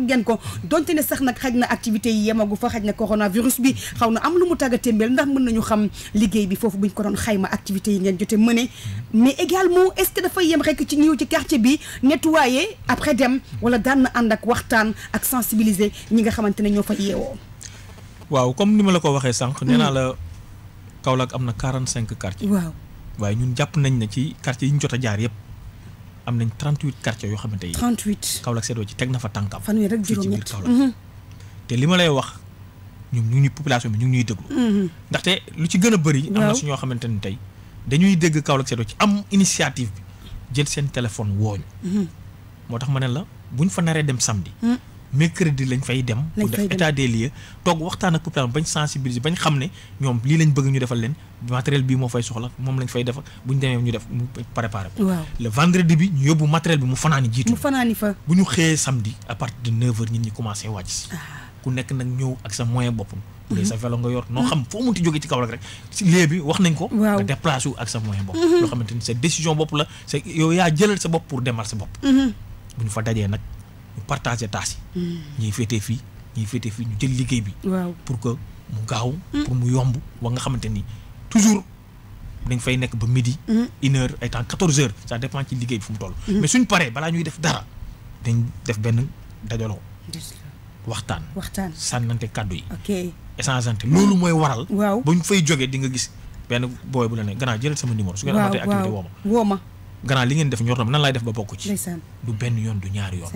ngeen ko donte ne sax nag xaj na activité yi yemagu fa xaj na coronavirus bi xaw na am lu mu tàgga témbeel ndax mën nañu xam liggéey bi foofu buñ ko doon xayma activité yi ngeen jote mëne mais également est-ce que dafay yem rekk ci ñëw ci quartier bi nettoyer après dem wala daan na ànd ak waxtaan ak sensibiliser ñi nga xamante ne ñoo fa yeewoo waaw comme ni ma la ko waxee sànq nee naa mm. la Kaolack am na quarante cinq quartiers waaw waaye ñun jàpp nañ na ci quartier yi ñu jot a jaar yëpp am nañ 38 quartiers yoo xamante ni. 38 Kaolack seetoo ci teg na fa tànkam. fanweer ak juróom-ñett fii ci biir Kaolack. Mhm. te li ma lay wax ñoom ñu ngi population bi ñu ngi ñuy déglu. Mhm. ndaxte lu ci gën a bëri. am na suñoo xamante ni tey dañuy dégg Kaolack seetoo ci am initiative bi jël seen téléphone wooñu mhm. moo tax ma ne la buñ fa naree dem samedi. mercredi lañ fay dem. pour def état des lieux toog waxtaan ak population bañ sensibiliser bañ xam ne ñoom lii lañ bëgg ñu defal leen matériel bii moo fay soxla moom lañ fay defal bu ñu demee ñu def mu préparé ko. waaw le vendredi bi ñu yóbbu matériel bi mu fanaani jiitu. mu fanaani fa bu ñu xëyee samedi à partir de 9h nit ñi commencé wàcc si. Ah. ku nekk nag ñëw ak sa moyen bopp bu dee mhm. sa vélo nga yor noo mhm. xam foo munti jóge ci kaw rek si lieu bi wax nañ ko nga déplacé wu ak sa moyen bopp mhm. loo xamante ni sa décision bopp la sa yow yaa jëlal sa bopp pour démarrer sa bopp bu ñu fa dajee nag ñu partager tâches yi hmm. ñi fété fi ñi fété fi ñu jël liggéey bi pour que mu gaaw hmm. pour mu yomb wa nga xamanteni toujours dañ fay nek ba midi 1 hmm. heure ay temps quatorze heures ça dépend ci liggéey bi fu mu toll mais suñu paré bala ñuy def dara dañ def ben dajalo waxtaan waxtaan sanante cadeau yi ok échangeante lolu moy waral buñ fay joggé di nga gis ben boy bu la né gannaaw jël sama numéro su ngeen amatee activité wooma wooma gannaaw li ngeen def ñor na nan lay def ba bokku ci du ben yoon du ñaar yoon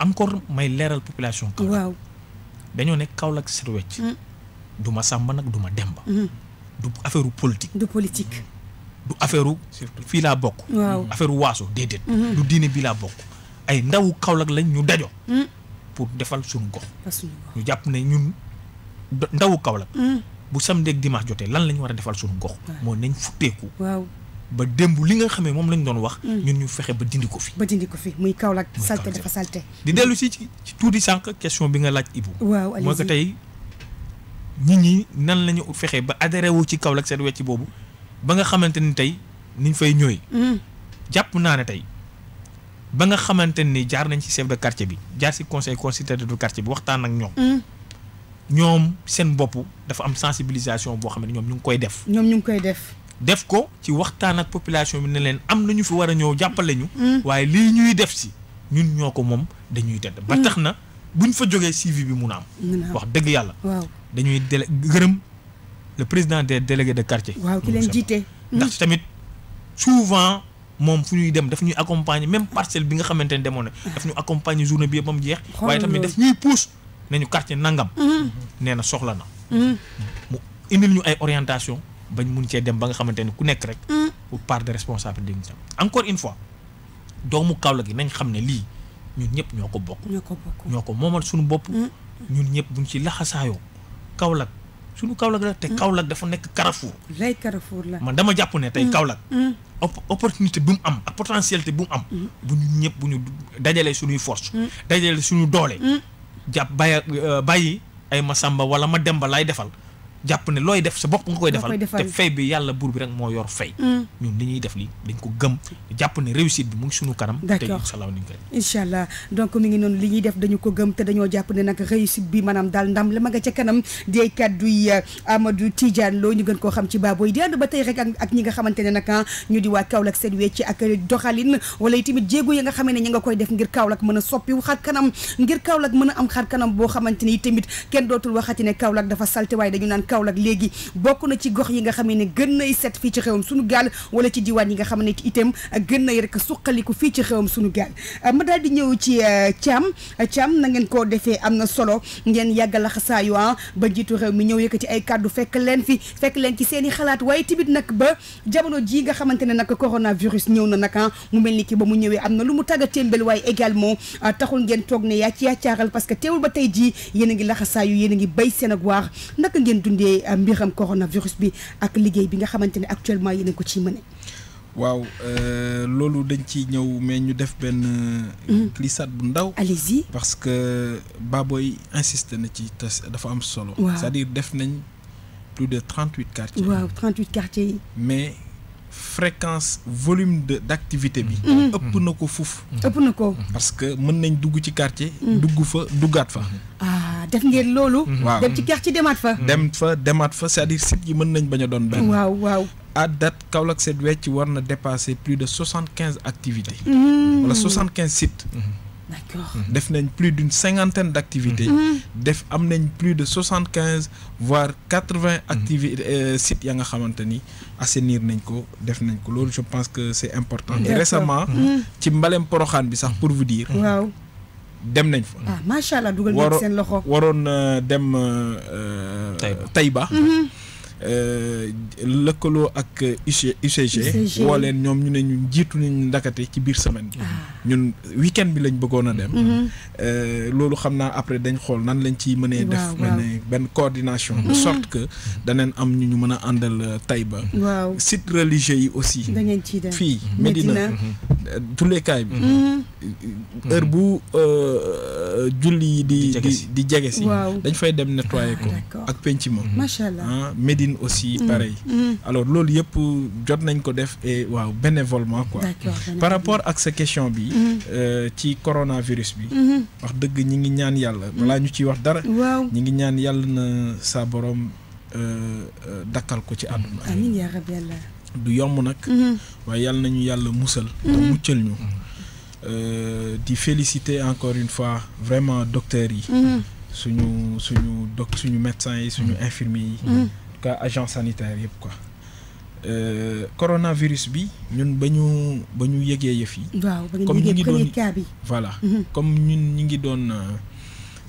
encore may leeral population. Kaolack dañoo ne Kaolack set wecc mm. du ma Samba nag du ma Demba. Mm. du affaire politique. du politique. du fii laa bokk. waaw waaso déedéet. Mm-hmm. du diine bii laa bokk. ay ndawu Kaolack lañ ñu dajo. Mm. pour defal suñu gox. ñu jàpp ne ñun ndawu Kaolack. bu samedi ak dimanche jotee lan lañ war a defal suñu gox. moo nañ futteeku. ba démb li nga xamee moom lañ doon wax. Mm. ñun ñu fexe ba dindi ko fi. ba dindi ko fi muy Kaolack salte dafa salté di dellu si ci tuuti sànq question bi nga laaj Ibou. waaw moo ko tey nit ñi nan la ñu fexe ba adhéré wu ci Kaolack seen wecc boobu ba nga xamante ni tey niñ fay ñooy. Mm. jàpp naa ne tey ba nga xamante ni jaar nañ ci chef de quartier bi jaar si conseil consultatif du quartier bi waxtaan ak ñoom. Mm. ñoom seen bopp dafa am sensibilisation boo xam ne ñoom ñu ngi koy def. ñoom ñu ngi koy def def ko ci waxtaan ak population bi ne leen am na fi war a ñëw jàppale ñu. Mm. ñuy def si ñun ñoo ko moom dañuy tedd. ba mm. tax na buñ fa am. wax dëgg dañuy le président des délégués de quartier. waaw ki leen jiite. Mm. ndax tamit souvent. moom fu ñuy dem daf même parcelle bi nga xamante ne demoon na ah. daf ñu accompagner journée bi tamit ñuy pousse nañu quartier nangam mm-hmm. nee soxla na mm-hmm. mu orientation bañ mun cee dem ba nga xamante ni ku nekk rek. Mm. pour part de responsabilité di encore une fois doomu kawla gi nañ xam ne lii ñun ñëpp ñoo ko bokk. ñoo ko bokk ñoo ko moomal suñu bopp. Mm. ñun ñëpp buñ ci laxasaayoo suñu la te mm. Kaolack dafa nekk Carrefour. lay Carrefour la man dama jàpp ne tey Kaolack. opportunité bi am ak potentialité bi mu am. bu ñun ñëpp bu ñu dajalee suñuy force. dajale suñu doole. jàpp euh, bàyyi ay Masamba wala ma Demba lay defal. jàpp ne looy def sa bopp nga koy defal te fay bi yàlla buur bi rek moo yor fay mm. ñun li ñuy def li dañ ko gëm jàpp ne réussite bi mu sunu kanam te incha allah niñ allah donc mi ngi noonu li ñuy def dañu ko gëm te dañoo jàpp ne nag réussite bi maanaam daal ndam la ma nga ca kanam di kàddu yi euh, Amadou Tidiane Lo ñu gën koo xam ci Baboy di ànd ba tey rek ak ñi nga xamante ne nag ah, ñu di waa Kaolack seen wecc ak doxalin wala tamit jéego yi nga xamee ne ñu nga koy def ngir Kaolack mën a soppiwu xar kanam ngir Kaolack mën a am xar kanam boo xamante ni tamit kenn dootul waxati ne Kaolack dafa salte waaye dañu naan Kaolack legi bokku na ci gox yi nga xamni gën nay set fi ci xewum suñu gal wala ci diwan yi nga xamni ci item gën nay rek suqaliku fi ci xewum suñu gal ma daal di ci cham euh, cham na ngeen ko defé amna solo ngeen yàgg laxasaayu ah ba jitu rew mi ñëw yëkkati ay cadeau fekk leen fi fekk leen ci seeni xalaat way tibit nak ba jamono ji nga xamantene nak coronavirus ñew na nak ah, mu melni ki ba mu ñewé amna lu mu tàgga témbel waaye également ah, taxul ngeen tok ne ya ci yaacaaral parce que teewul ba tay ji bay ak ngeen dund tuddee euh, mbiram coronavirus bi ak liggéey bi nga xamante actuellement yéen a ko ciy mëne. waaw euh, loolu dañ ciy ñëw mais ñu def ben glissade bu ndaw. allez-y parce que Baboy insiste na ci te dafa am solo. c'est-à-dire def nañ plus de 38 quartiers. Wow, 38 quartiers mais fréquence volume de d'activité bi. Mm-hmm. Mm-hmm. ëpp na ko fuuf. Mm-hmm. ëpp na ko. parce que mën nañ dugg ci quartier. dugg fa duggaat fa. ah def ngeen loolu. dem ci quartier demaat fa. dem fa demaat fa c'est-à-dire site yi mën nañ bañ a doon benn. waaw waaw. à date Kaolack Set Wecc war na dépasser plus de soixante quinze activités. wala soixante quinze sites. D'accord. def nañ plus d'une cinquantaine d'activités. def am nañ plus de soixante quinze voire quatre vingt activités euh, sites ya nga xamante ni assainir nañ ko def nañ ko loolu je pense que c'est important et récemment mm. Mm. ci mbalem poroxaan bi sax pour vous dire waaw dem nañ fa ah macha allah dugal nañ seen loxo waroon euh, dem euh, taiba. Euh, lëkkaloo ak UCG woo leen ñoom ñu ne ñu jiitu nañu Ndakate ci biir semaine bi ah. ñun weekend bi lañ bëggoon a dem mm-hmm. euh, loolu xam naa après dañ xool nan lañ ci mënee def mën benn coordination de mm-hmm. sorte que daneen am ñu ñu mën a àndal euh, Taïba site religieux yi aussi fii Médina julleekaay mm-hmm. bi heure bu julli yi di di jege si dañ fay dem nettoyer ko ah, ak penc aussi mm. pareil mm. alors l'eau liée pour nañ ko def et bénévolement quoi par rapport à cette question bi mm. euh, coronavirus bi sa borom euh, euh, du féliciter encore une fois vraiment docteur. nous mm-hmm. suñu suñu médecins mm-hmm. mm-hmm. cas agent sanitaire yëpp quoi euh, coronavirus bi ñun ba ñu ba ñu yëgee yëf yi. waaw ba ñu yëgee premier voilà mhm. comme ñun ñi ngi doon euh,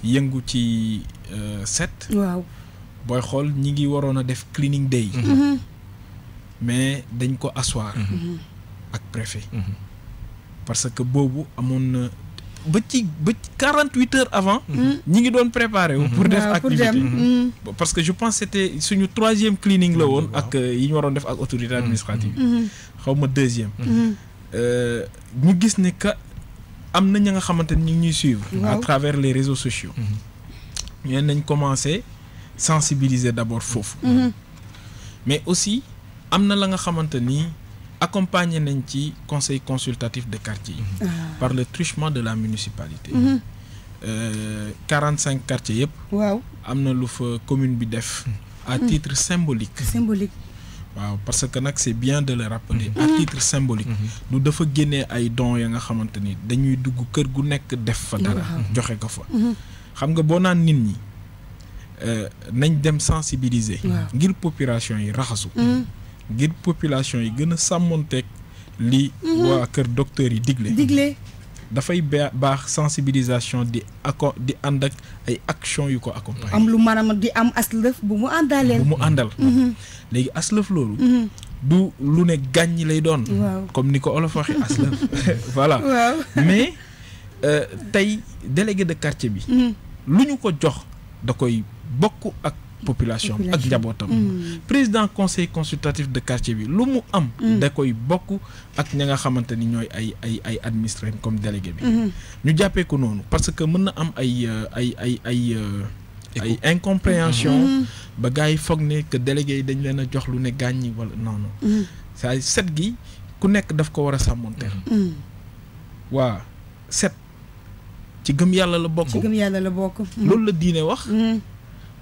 yëngu ci euh, set. booy xool ñi ngi waroon a def cleaning day. Mhm. Mhm. mais dañ ko asseoir. ak préfet. parce que boobu amoon na 48 heures avant. Mm-hmm. nous devons nous préparé pour mm-hmm. faire ah, l'activité. Mm-hmm. parce que je pense que c'était suñu troisième cleaning là woon. ak yi ñu autorité administrative comme deuxième. Nous euh, gis vu que nous avons ña suivre. à travers les réseaux sociaux. ñeen avons commencé sensibiliser d'abord fof mais aussi nous na la nga accompagné nañ ci conseil consultatif de quartier mhm. ah. par le truchement de la municipalité mhm. euh, quarante cinq quartiers yëpp waaw am lu fa commune bi def à mhm. titre symbolique symbolique waaw parce que nag c'est bien de le rappeler à titre symbolique nous dafa gagner ay dons ya nga xamante ni dañuy dugg kër gu nekk def fa dara joxe ko fa xam nga boo naan nit ñi euh, nañ dem sensibiliser ngir population yi -hmm ngir population yi gën a li ou kër docteur yi diglé digle dafay baax sensibilisation di ako di andak ay action yu ko accompagner am lu manam di am aslëf bu mu àndaaleen bu mu àndal mhm. Mhm. léegi aslëf loolu mhm. du lu ne gagn lay doon comme niko ko olof waxee voilà mais euh, tay délégué de quartier bi lu ñu ko jox da koy ak population mm. président conseil consultatif de quartier bi lu mu am mm. de koy bokk ak comme délégué nous mm-hmm. ñu parce que am euh, euh, incompréhension mm-hmm. ba gars que délégué délégués dañ jox ne non non c'est mm-hmm. set gi ku nekk daf ko a la la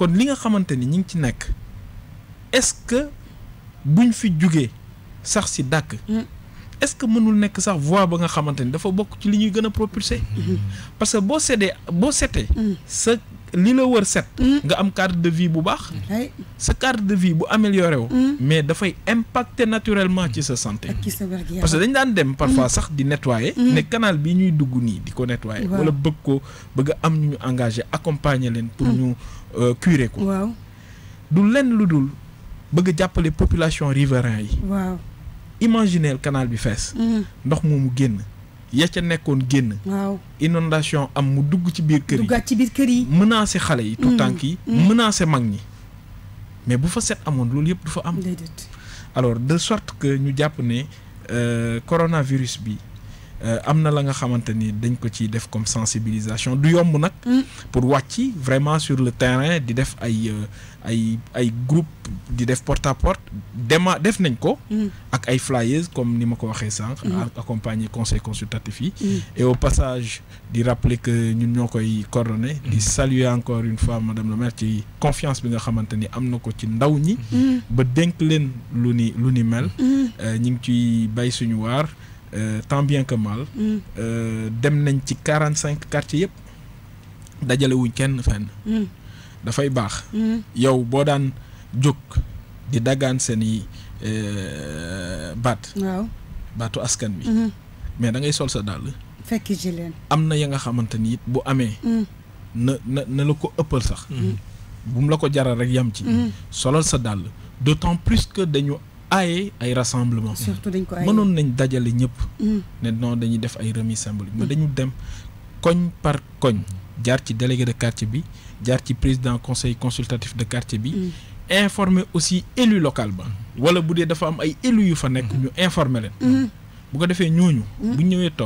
kon li nga xamanteni ñing ci nek est-ce que buñ fi jugee sax ci dak hmm. est-ce que mënul nek sax voix ba nga xamanteni dafa bok ci li ñuy gëna propulser. Hmm. parce que bo cédé bo setee. Hmm. sa li la wër set. Mm. nga am carte de vie bu baax. sa carte de vie bu amélioré wu. Mm. mais fay impacter naturellement ci sa santé. parce que dañ dan dem parfois mm. sax di nettoyer. le canal bi ñuy dugg ni di ko nettoyer. wala bëgg ko bëgg am ñu engagé accompagner len pour ñu euh, curer ko. waaw du len ludul bëgg jappalé population riverain yi. waaw imaginez canal bi fess ndox momu génn ya ca nekkoon génn. waaw inondation am mu dugg ci biir kër yi ci biir kër yi. menacé xale yi. tout mm. tànk yi mm. menacé mag ñi. mais bu fa set amone lool yëpp du fa am. alors de sorte que ñu jàpp ne euh, coronavirus bi. Euh, amna la nga xamanteni dañ ko ci def comme sensibilisation du yomb nak mm. pour wàcc vraiment sur le terrain di def ay euh, ay ay groupe di def porte à porte dema def nañ ko. Mm. ak ay flyers comme ni mako waxe waxee mm. accompagner conseil consultatif yi. et au passage di rappeler que ñun ñoo coordonner. di saluer encore une fois madame le maire ci confiance bi nga xamanteni amna na ko ci ndaw ñi. ba denk leen lu ni mel. Euh, ñing ci bay suñu war euh, tant bien que mal. Mm. Euh, dem nañ ci 45 quartiers yëpp dajale wuñ kenn fenn. Mm. da fay baax. Mm. yow boo daan jóg di dagaan seen i euh, bat waaw baatu askan bi. Mm-hmm. mais da ngay sol sa dàll. fekk ji leen. am na ya nga xamante ni it bu amee. na na na la ko ëppal sax. bu mu la ko jaral rek yam ci. Mm-hmm. solal sa dàll d'autant plus que dañu aïe, ay rassemblement surtout dañ ñëpp. Mm. ne dem par koñ délégué de quartier bi ci du conseil consultatif de quartier mm. informer aussi élu local ba. wala bu dafa am ay élu mm. informer bu ko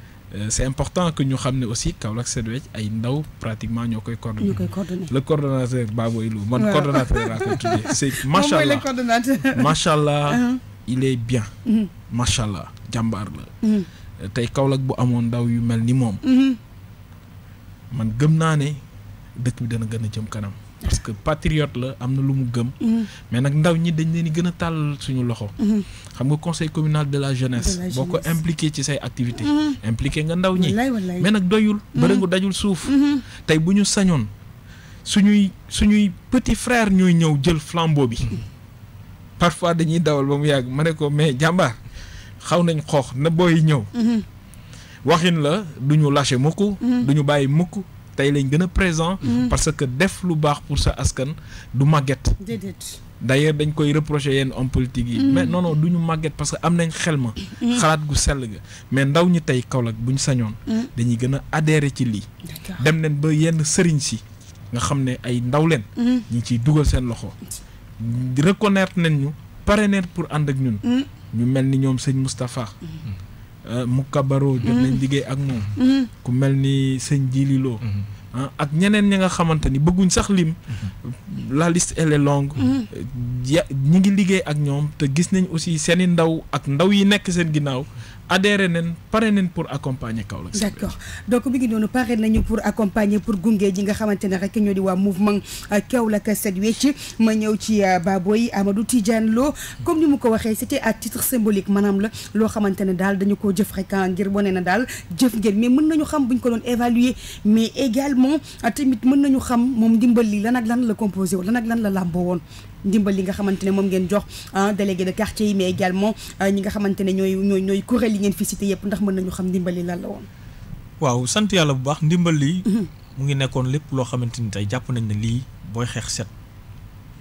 Euh, c'est important que nous sachions aussi Kaolack Set a ay ndaw pratiquement nous le coordonnateur coordonnateur c'est uh-huh. il est bien mm-hmm. MashaAllah, mm-hmm. euh, yu parce que patriote la am na lu mu gëm. Mm-hmm. mais nag ndaw ñi dañ leen di gën a tàll suñu loxo. Mm-hmm. xam nga conseil communal de la jeunesse. boo ko impliqué ci say activité mm-hmm. impliqué nga ndaw ñi. mais nag doyul. bëri nga dajul suuf. tey bu ñu sañoon suñuy suñuy petit frère ñooy ñëw jël flambeau bi. parfois dañuy dawal ba mu yàgg ma ne ko mais jàmbar xaw nañ xoox na booy ñëw. waxin la du ñu lâché mukk. du bàyyi mukk. tay lañ présent mm-hmm. Mm-hmm. parce que def lu pour sa askan du d'ailleurs dañ koy reprocher en politique mm-hmm. mais non non nous maguette parce que am nañ xelma xalat gu mais ndaw ñi tay Kaolack buñ sañoon dañuy gëna adhérer ci li dem nañ ba yenn sëriñ ci nga xamné ay ndaw reconnaître nañ ñu pour and ak ñun ñu melni mu euh, Mukabaro jot lañ mm-hmm. liggéey ak moom. Mm-hmm. ku mel ni sëñ Jili mm-hmm. ah, ak ñeneen ñi nga xamante ni bëgguñ sax lim. la liste elle est longue. ñi ngi liggéey ak ñoom te gis nañ aussi seen i ndaw ak ndaw yi nekk seen ginnaaw. adhéré nañ pare nañ pour accompagner Kaolack. d'accord donc mi ngi noonu pare nañu pour accompagner pour gungé ji nga xamante rek ñoo di waa mouvement euh, Kaolack cette Wecc ma ñëw ci euh, Baboy Amadou Tidiane Lo comme ni mu ko waxé c'était à titre symbolique manam la lo xamante dal dañu ko jëf rek ah, ngir woné na dal jëf ngir mais mën nañu xam buñ ko doon évaluer mais également ah, tamit mën nañu xam mom dimbal li lan ak lan la composé lan ak lan la làmboo ndimbal li nga xamante ne moom ngeen jox ah, délégué de quartier yi mais également ah, ñi nga xamante ne ñooy ñooy ñooy kuréel yi ngeen fi cité yëpp ndax mën nañu xam ndimbal li woon waaw sant yàlla bu baax ndimbali li mhm. mu ngi nekkoon lépp loo xamante ni tey jàpp nañ ne lii booy xeex set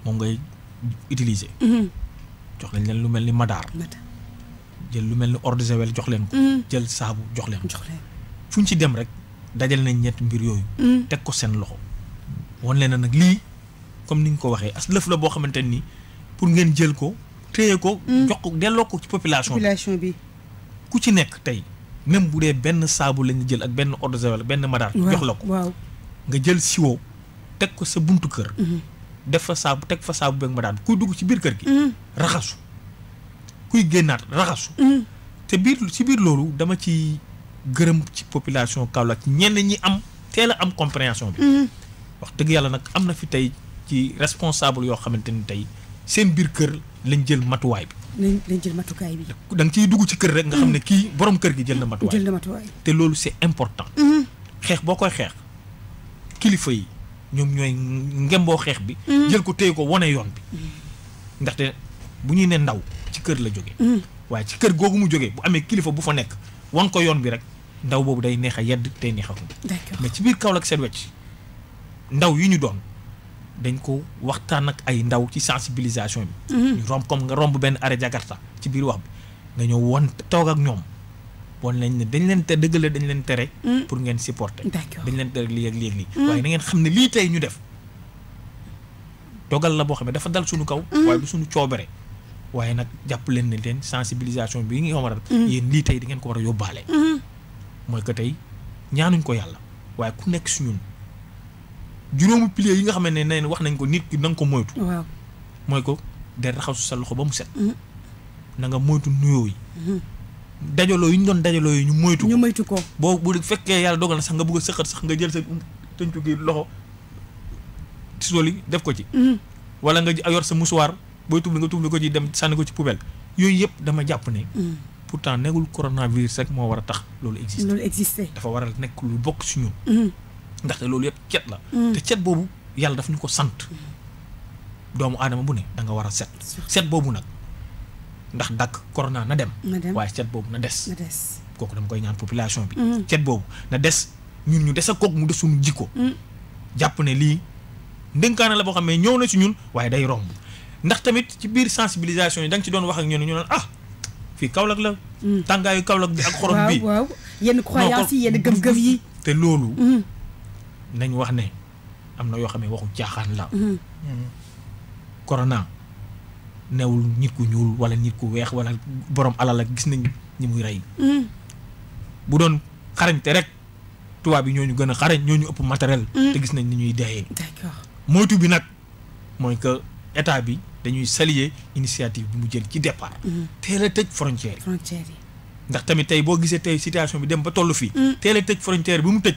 moom ngay utiliser mhm. jox nañ leen lu mel ni madaar jël lu mel ni eau de jox leen ko mhm. jël saabu jox leen ko fu ñu ci dem rek dajal nañ ñett mbir yooyu teg ko seen loxo wan leen nag lii comme ni nga ko waxee as lëf la boo xamante ni pour ngeen jël ko téye ko. Mm. jox ko delloo ko ci population bi bi. ku ci nekk tey même bu dee benn saabu la ñu jël ak benn eau de Javel benn madaar. jox la ko nga jël siwo teg ko sa buntu kër. Mm-hmm. def fa saabu teg fa saabu beeg madaar kuy dugg ci biir kër gi. Mm-hmm. raxasu kuy génnaat raxasu. Mm-hmm. te biir si biir loolu dama ci gërëm ci population Kaolack ñenn ñi am teel a am compréhension bi. wax dëgg yàlla nag am na fi tey. ci responsable yoo xamante ni tey seen biir kër lañ jël matuwaay bi. lañ jël da nga ciy dugg ci kër rek nga xam ne mm. kii boroom kër gi jël na matuwaay. jël na matuwaay te loolu c'est important. Mm-hmm. xeex boo koy xeex kilifa yi ñoom ñooy ngemboo xeex bi. Mm-hmm. jël ko téye ko wane yoon bi. Mm-hmm. ndaxte bu ñuy ne ndaw ci kër la jóge waaye ci kër googu mu jóge bu amee kilifa bu fa nekk wan ko yoon bi rek ndaw boobu day neex a yedd tey neex a mais ci biir Kaolack seen wecc ndaw yi ñu doon. dañ ko waxtaan ak ay ndaw ci sensibilisation bi. Mhm. ñu romb comme nga romb benn arrêt jakarta ci biir wax bi nga ñëw won toog ñoom won lañ ne dañ leen te dëggale dañ leen tere. Mm. pour ngeen supporter. dañ leen tere lii ak lii ak lii. Mm. xam ne lii tey ñu def dogal la boo xam ne dafa dal suñu kaw. Mm. waaye bu suñu coobere. waaye nag jàpp leen ne leen sensibilisation bi nga war a. yéen lii tey dangeen ko war a yóbbaale. Mm-hmm. mooy que tey ñaanuñ ko yàlla waaye ku nekk suñun juróomu pilier yi nga xam ne nee wax nañ ko nit ki na nga ko moytu. mooy ko de raxasu sa loxo ba mu set. Mm. na nga moytu nuyoo yi. Mm. dajaloo yi ñu doon dajaloo yi ñu moytu. ñu moytu ko boo bu fekkee yàlla dogal na sax nga bugg a sëqat sax nga jël sa tëncu gi loxo tisoli def ko ci. Mm. wala nga yor sa musuwaar booy tubli nga tubli ko ci dem sànni ko ci poubelle yooyu yëpp dama jàpp ne. pourtant nekkul coronavirus rek moo war a tax loolu existe. loolu dafa war a lu bokk si ñun. ndaxte loolu yëpp cet la mm. te cet boobu yàlla daf ñu ko sant doomu aadama bu ne da nga war a set set boobu nag ndax dakk corona na dem waaye cet boobu na des kooku dama koy ñaan population bi mm. cet boobu na des ñun ñu des a kook mu des suñu jikko mm. jàpp ne lii ndënkaana la boo xam ne ñëw na ci ñun waaye day romb ndax tamit ci biir sensibilisation yi da nga ci doon wax ak ñun ñu naan ah fii Kaolack la tàngaayu Kaolack bi ak xorom bi yenn croyance yi yenn gëm-gëm yi te loolu nañ wax ne am na yoo xam ne waxu caaxaan la mhm. hmm. corona newul nit ku ñuul wala nit ku weex wala borom alal ak gis nañ ñi muy rey mhm. bu doon xarañte rek tubaab yi ñooñu gën a xarañ ñooñu ëpp matériel mhm. te gis nañ ni ñuy deyee moytu bi nag mooy que état bi dañuy salier initiative bi mu jël ci départ teel a tëj frontière ndax tamit tey boo gisee tey situation bi dem ba toll fii teel a tëj frontière bi mu tëj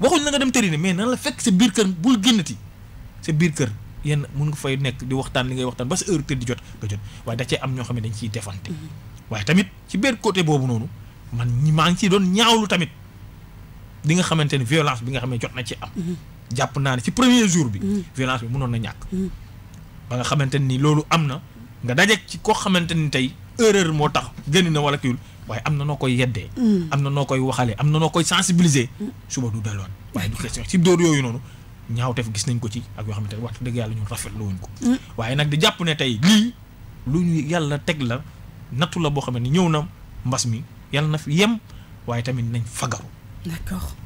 waxuñ la nga dem tëri mais nan la fekk sa biir kër bul génnati sa biir kër yenn mun nga fay nekk di waxtaan li ngay waxtaan ba sa heure di jot nga jot waaye da cee am ñoo xam dañ ciy defante mhm. waaye tamit ci biir côté boobu noonu man maa ngi ciy doon ñaawlu tamit di nga xamante violence bi nga xam jot na ci am mhm. jàpp naa ne ci premier jour bi mhm. violence bi mënoon na ñàkk ba nga xamante ni loolu am na nga dajeeg ci koo xamante ni tey erreur moo tax wala waaye am na noo koy yeddee. Mm. am na noo koy waxalee am na noo koy sensibiliser. Mm. suba du delluwaat waaye du question si dóor yooyu noonu ñaaw ñaawteef gis nañ ko ci ak yoo xamante ne wax dëgg yàlla ñun rafetlu wuñ ko. Mm. waaye nag di jàpp ne tey lii lu ñu yàlla teg la nattu la boo xam ne ñëw na mbas mi yàlla na fi yem waaye tamit nañ fagaru.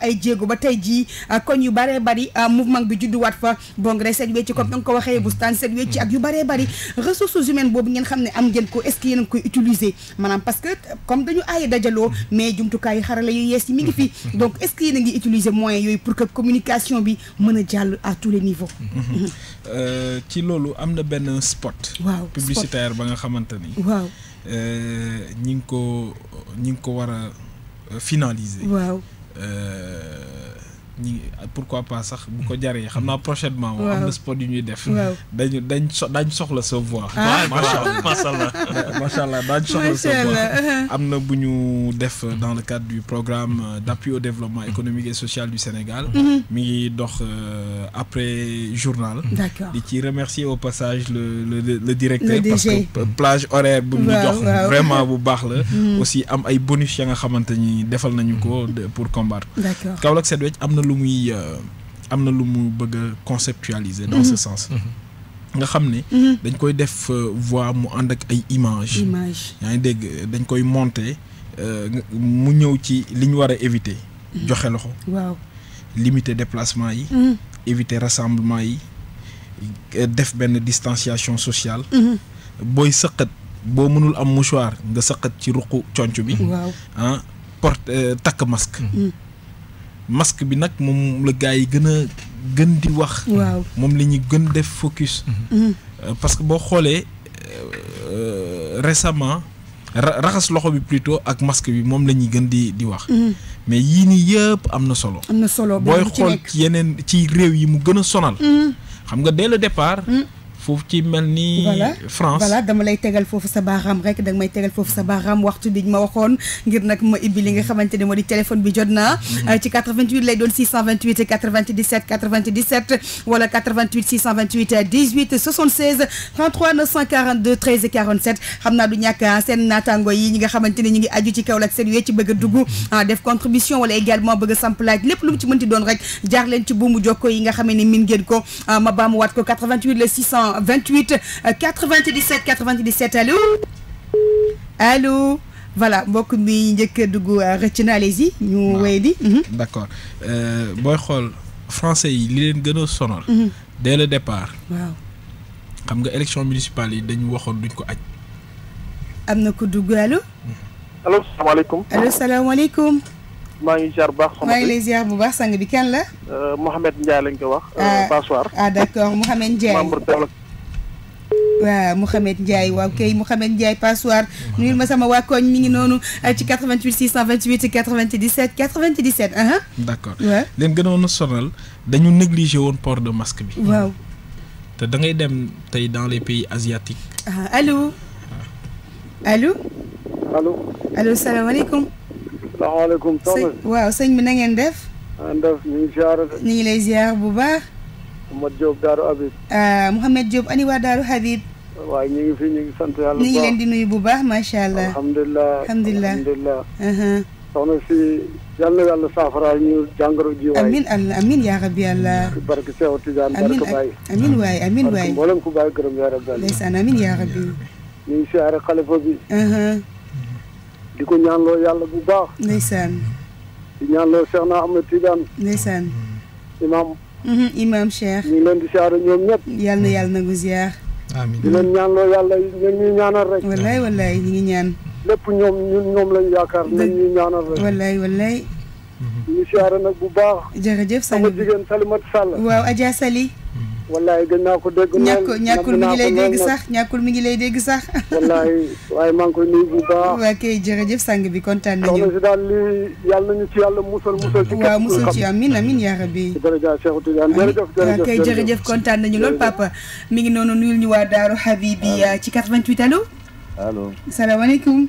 et ay jéego ba tey jii ah, koñ yu bari bari ah, mouvement bi wat fa Bongré seet ci comme danga ko waxee bustaan seet ci ak yu bëree bari ressources humaines bobu ngeen xamné am ko est ce qu'il yéen a koy utiliser parce que comme dañu l'aïe dajalo mais kay xarala yu yess yi mi ngi fi donc est ce qu'il yéen ngi utiliser moyens yoy pour que communication bi mëna jall à tous les niveaux mm-hmm. Mm-hmm. Euh, ci lolu amna ben spot publicitaire ba nga xamante ni waaw euh, ñi ko ko euh, finaliser waaw えー ni pourquoi pas sax bu ko jaré xamna prochainement. waaw am na spot yu ñuy def. dañu dañ so dañ soxla sa voix. Ah. macha allah macha allah macha allah dañ soxla sa voix. Uh-huh. amna na bu ñu def dans le cadre du programme euh, d'appui au développement économique et social du Sénégal. Mm-hmm. mi ngi dox euh, après journal. di ci remercier au passage le le le directeur. parce que plage horaire bu ñu jox. vraiment bu baax la. Mm-hmm. aussi am ay bonus ya nga xamante defal nañu ko mm-hmm. pour combattre. d'accord accord Kaolack Set Wecc am lu muy euh, am na lu bëgg conceptualiser dans ce mhm. sens mhm. nga xam ne mhm. dañ koy def euh, voix mu ànd ak ay image yaa ngi dégg dañ koy monter euh, mu ñëw ci li ñu war a éviter joxe loxo limiter déplacement yi éviter rassemblement yi def benn distanciation sociale booy sëqat boo mënul am mouchoir nga sëqat ci ruqu conc bi ah, porte takk masque masque bi nak mom le gars yi gëna a gën di wax. waaw moom la ñuy gën def focus. Mhm. Euh, parce que bo xolé euh, récemment raxas loxo bi plutôt ak masque bi mom lañuy gën di di wax. Mhm. mais yi ni yëpp amna solo. amna solo boy xol yenen ci réew yi mu gëna sonal. Mhm. xam nga dès le départ qui ci ni. France voilà dama lay tegal foofu sa baaraam rek danga may tegal foofu sa baaraam waxtu bi ñu ma waxoon ngir nag ma ibbi li nga téléphone bi jot mhm. euh, ci 88 628 97 97 wala 88 628 18 76 33 942 13 47 xam naa du ñàkk ah, seen naataango yi ñi nga xamante ne ñu ngi aju ci Kaolack seen wee ci bëgg a mhm. ah, def contribution wala également bëgg a samplaaj lépp lu mu ci mënti doon rek jaar leen ci buumu jokko yi nga xam ne min ngeen ko ah, ma baamuwaat ko 88 le 600 28 97 97 allô allô voilà beaucoup mi njëkk duggu dugg euh, allez-y ñu wéy mhm. d'accord d'accord euh, boy xol français yi li leen gëna a sonal mhm. dès le départ waaw xam nga élection municipale yi dañu waxon duñ ko aj am na ko allô salam allo allô salam alaykoum maa ngi ziar bu baax. maa ngi lay ziar bu baax sang bi kenn la. Euh, Mouhamed Ndiaye lañ ko wax. Ah. Passoir. ah d'accord Mohamed Ndiaye membre waaw Mohamed Ndiaye waaw kay Mohamed Ndiaye passoir nuyul ma sama waa koñ mi ngi noonu euh, ci 88 628 97 97 ah. d' accord waaw leen gënoon a sonal dañu négligé woon port de masque bi. waaw te da ngay dem dans les pays asiatiques. ah allo. Ah. allo. allo. allo salaamaaleykum. salaamaaleykum. salam waaw sëñ bi na ngeen def. na ngeen def ñu ngi ziar. ñu ngi Mouhamed Diop Daaru Habib. Eh, Mouhamed Diop ani waa Daaru Habib. waaw ñu ngi fi ñu ngi sant yàlla. ñu ngi leen di nuyu bu baax macha allah. alhamdulilah alhamdulilah. Uh-huh. soxna si yal na yàlla saafara ñu jàngoro ji waay. amiin allah amiin yaa rabbi yàlla. barke Seex Tijaan barke Baay. amiin waay amiin waay. mboolem ku bàyyi gërëm yaa rabbi. ndeysaan amiin yaa rabbi. ñu ngi siyaare xalifa bi. Uh-huh. di ko ñaanloo yàlla bu baax. ndeysaan. di ñaanloo Seexna Ahmed Tijaan. ndeysaan. imaam. Mhm, imaam Cheikh. ñu ngi yal na yàlla nangu ziar. amiin di leen ñaanloo yàlla ñun ñuy ñaanal rek. wallaay wallaay ñu ñaan. lépp ñoom ñun ñoom lañ yaakaar. ñun ñuy ñaanal rek. wallaay wallaay. ñu siyaare nag bu baax. jërëjëf Sali sama jigéen Salimata Sall. waaw Sali. wallaay gën naa ko dégg. ñàkkul ñàkkul mi ngi lay dégg sax ñàkkul mi ngi lay dégg sax. wallaay waaye maa ngi koy nuyu baax. waaw kay jërëjëf sang bi kontaan nañu. soxna si daal lii yàlla nañu ci yàlla musal musal. ci képp waaw musal ci amin amin yaa rabbi. jërëjëf Cheikh Tidiane jërëjëf jërëjëf kay jërëjëf kontaan nañu lool papa. mi ngi noonu nuyul ñu waa Daaru Habibi ci 88 allo. allo salaamaaleykum.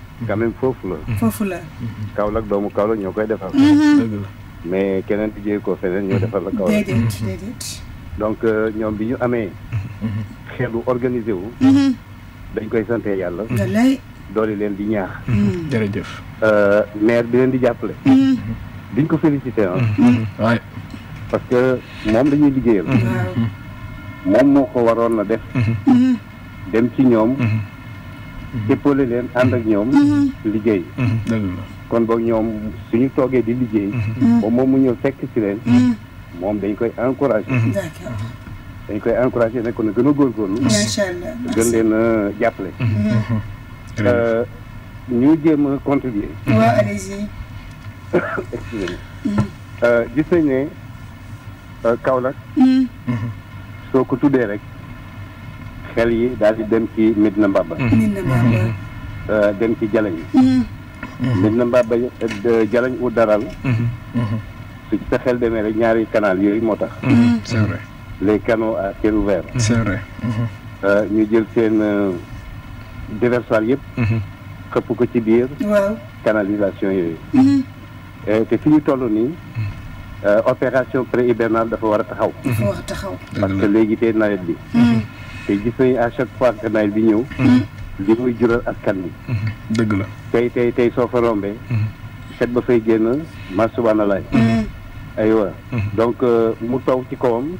quand même foofu la. Mm-hmm. foofu la. Mm-hmm. Kaolack doomu Kaolack ñoo koy defal. Mm-hmm. mais keneen di jëyee ko feneen ñoo defal la Kaolack. déedéet déedéet. donc euh, ñoom bi ñu amee. xelu organisé wu. dañ koy sante yàlla. doole leen di ñaax. jërëjëf. Euh, maire bi leen di jàppale. diñ ko félicité ah. parce que moom dañuy liggéeyal. moom moo ko waroon na def. dem ci ñoom. Mm-hmm. épaulé leen ànd ak ñoom mm-hmm. liggéey mm-hmm. kon boog ñoom suñu toogee di liggéey ba moom mu ñëw fekk ci leen moom dañ koy encouragé dañ koy encouragé ne kon na gën a góorgóorlu gën leen a jàppale euh, ñu jéem a contribuer euh, gis nañ kaw euh, Kaolack soo ko tuddee rek xel yi daal di dem ci Medina Mbaba mm-hmm. mm-hmm. euh, dem ci Jalañ mm-hmm. Medina Mbaba euh, Jalañ u daral su ci sa xel demee rek ñaari canal yooyu moo tax c'est vrai les canaux ouvert c'est euh, ñu jël seen déversoir yëpp xëpp ko ci biir canalisation yooyu te fi ñu toll nii opération pré hivernale dafa war a taxaw parce que léegi tey nawet bi te gis nañu à chaque fois que bi ñëw. Mm-hmm. li muy jural askan wi. Mm-hmm. dëgg la tey tey tey soo fa rombee. Mm-hmm. set ba fay génn ma subhanallah. aywa donc euh, mu taw ci kawam.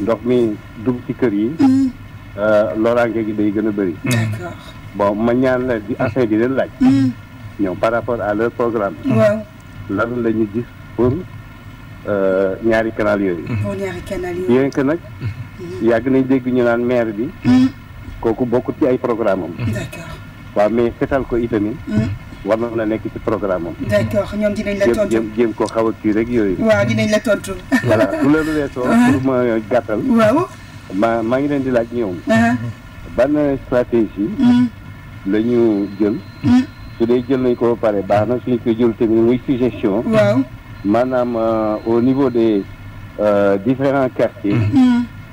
ndox mi dugg ci kër yi. Euh, loraange gi day gën a bëri. bon ma ñaan la di affaire di leen laaj. ñoom par rapport à leur programme. lan la gis euh, pour ñaari canal yooyu. pour ñaari nag. yàgg nañ dégg ñu naan maire bi kooku bokkut ci ay programme am waaw mais setal ko itamit hmm. war na mën a nekk ci programme am d'accord ñoom dinañ la tontu jéem xaw a kii rek yooyu waaw dinañ la tontu voilà lu loolu weesoo pour ma gàttal waaw ma maa ngi leen di laaj ñoom uh-huh. ban stratégie hmm. la jël hmm. su dee jël nañ ko ba pare baax na suñ ko jël tamit muy suggestion waaw maanaam euh, au niveau des euh, différents quartiers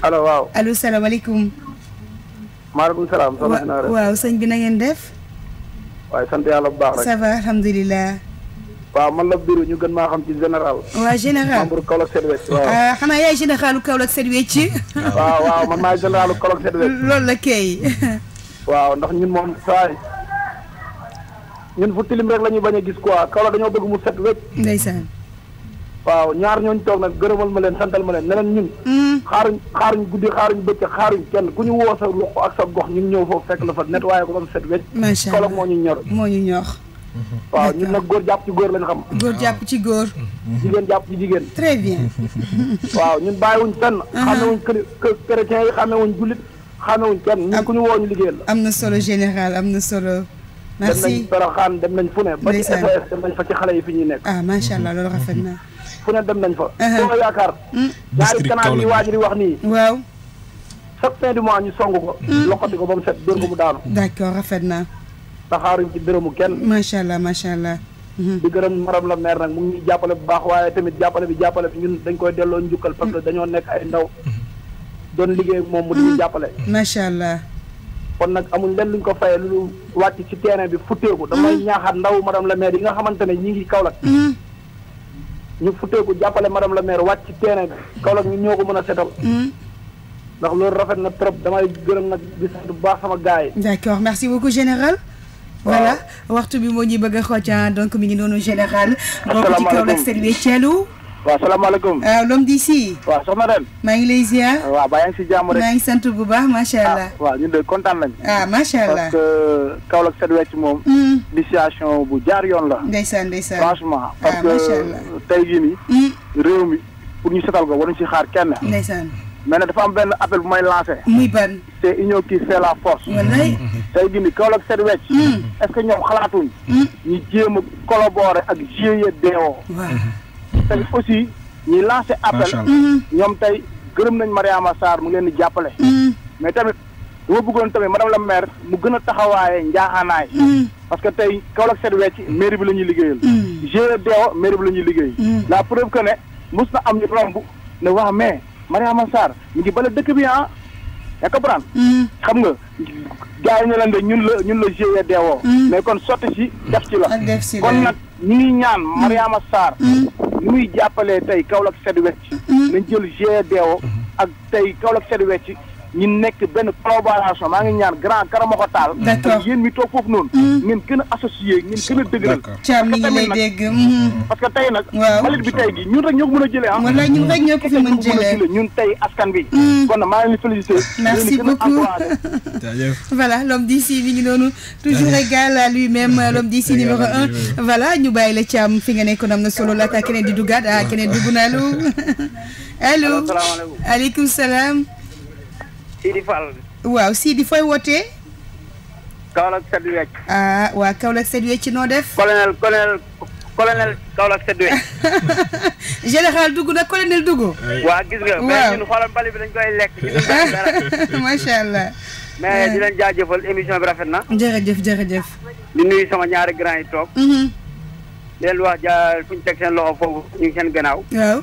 allo waaw allo salaamaaleykum. maaleykum salaam. waaw sëñ bi na ngeen def. waaye sant yàlla bu baax rek. ça va alhamdulilah. waaw man la biiru ñu gën maa xam ci général. waa général membre Kaolack Set Wecc waaw ah, xanaa yaay généralu Kaolack Set Wecc waaw waaw man maay généralu Kaolack Set Wecc loolu la kay. waaw ndax ñun moom saay ñun fu tilim rek la ñu bañ a gis quoi Kaolack dañoo bëgg mu set wecc. ndeysaan. waaw ñaar ñooñu toog nag gërëmal ma leen santal ma leen ne leen ñun. Hmm. xaaruñ xaaruñ guddi xaaruñ bëccëg xaaruñ kenn ku ñu woo sa ruq ak sa gox ñun ñëw foofu fekk la fa waaye ko ba mu set wecc. macha allah moo ñu ñor moo ñu góor jàpp ci góor lañ xam. góor jàpp ci góor. jigéen jàpp ci jigéen. très bien. waaw ñun bàyyiwuñ fenn. Uh-huh. xamewuñ yi xamewuñ jullit xamewuñ kenn ñun ku ñu woo ñu liggéeyal am na solo général am na solo. merci dem nañ dem nañ fu ci xale yi fi ñuy nekk. Ah, macha allah loolu rafet na fu ne dem nañ fa. soo yaakaar. district Kaolack ñaari waajur yi wax nii. waaw. chaque fin du mois ñu song ko. loxati ko ba mu set dóor daanu. d'accord rafet na. taxaaruñ ci dërëmu kenn. macha allah macha allah. di gërëm maram la maire nag mu ngi jàppale bu baax waaye tamit jàppale bi jàppale bi ñun dañ koy delloo njukkal. parce que dañoo nekk ay ndaw. doon liggéey moom mu di jàppale. macha allah. kon nag amuñ lenn luñ ko fayee lu wàcc ci terrain bi futteeku. damay ñaaxaat ndaw maram la maire yi nga xamante ne ñi ngi Kaolack. ñu futteeku jàppale madame la maire wàcc ci terrain bi ñu ñoo ko mën setal hmm. ndax loolu rafet na trop damay gërëm nag di sant bu baax sama gars yi. d'accord merci beaucoup général. voilà waxtu bi moo ñuy bëgg a xooj ah, donc mi ngi noonu général. donc ci Kaolack seen wécceelu. waaw salaamaaleykum. waaw ah, l'homme d'ici. waaw soxna Ren. maa ngi lay ziar. waaw baa yaa ngi si jàmm rek. maa ngi sant bu baax macha allah. Ah, waa ñun de kontaan nañu. ah macha allah parce que Kaolack set wecc moom. situation hmm. bu jaar yoon la. ndeysaan ndeysaan. franchement ah, parce que tey jii hmm. réew mi pour ñu setal ko waruñu ci xaar kenn. ndeysaan. mais nag dafa am benn appel bu may lancé. muy ban. c'est union qui fait la force. Hmm. tey jii nii Kaolack set wecc. est-ce que ñoom xalaatuñ. ñu jéem a collaborer ak GIE tey aussi ñuy lancé appel mm-hmm. ñoom tey gërëm nañ Mariama Sarr mu leen di jàppale mm-hmm. mais tamit dama bëggoon tamit madame la maire mu gën a taxawaaye njaaxaanaay mm-hmm. parce que tey Kaolack set wecc mairie bi la ñuy liggéeyal GDO e mairie bi la ñuy liggéey la preuve que ne mus na am ñu romb ne waa mais Mariama Sarr mu ngi bale dëkk bi ah yaa comprendre xam nga gars yi ñu leen de ñun la ñun la GDO e mais kon sotti si def ci la kon nag ñuy ñaan Mariama Sarr ni muy jàppalee tey Kaolack set wecc mm. nañ jël GDO mm-hmm. ak tey Kaolack set wecc ñu nekk benn collaboration maa ngi ñaan grand Karamoko d'accord yéen mi toog foofu noonu. Hmm. ngeen gën a associé ngeen gën a dëgëral. Thiam mi hmm. hmm. que tey nag. waaw mbalit ñun rek ñoo ko mën a jëlee ah. wala ñun rek ñoo ko fi mën jëlee ñun tey askan bi. merci beaucoup voilà l'homme d'ici mi ngi noonu toujours égal à lui-même l'homme d'ici numéro un voilà ñu bàyyi la Thiam fi nga nekkoon am na solo laata keneen di duggaat ah keneen dugg na allo. allo asalaamaaleykum aleykum Sidi Fall. waaw Sidi fooy wootee. Kaolack Set Wecc. ah waa Kaolack Set Wecc noo def. colonel colonel colonel Kaolack Set Wecc. dugg na colonel dugg. waa gis nga. waaw ñun xoolal bi dañ koy lekk. macha allah. mais di euh. leen jaajëfal émission bi rafet na. jërëjëf jërëjëf. di nuyu sama ñaari grand yi toog. Mhm. di leen wax ja fu teg seen loxo foofu ñu seen gannaaw. waaw.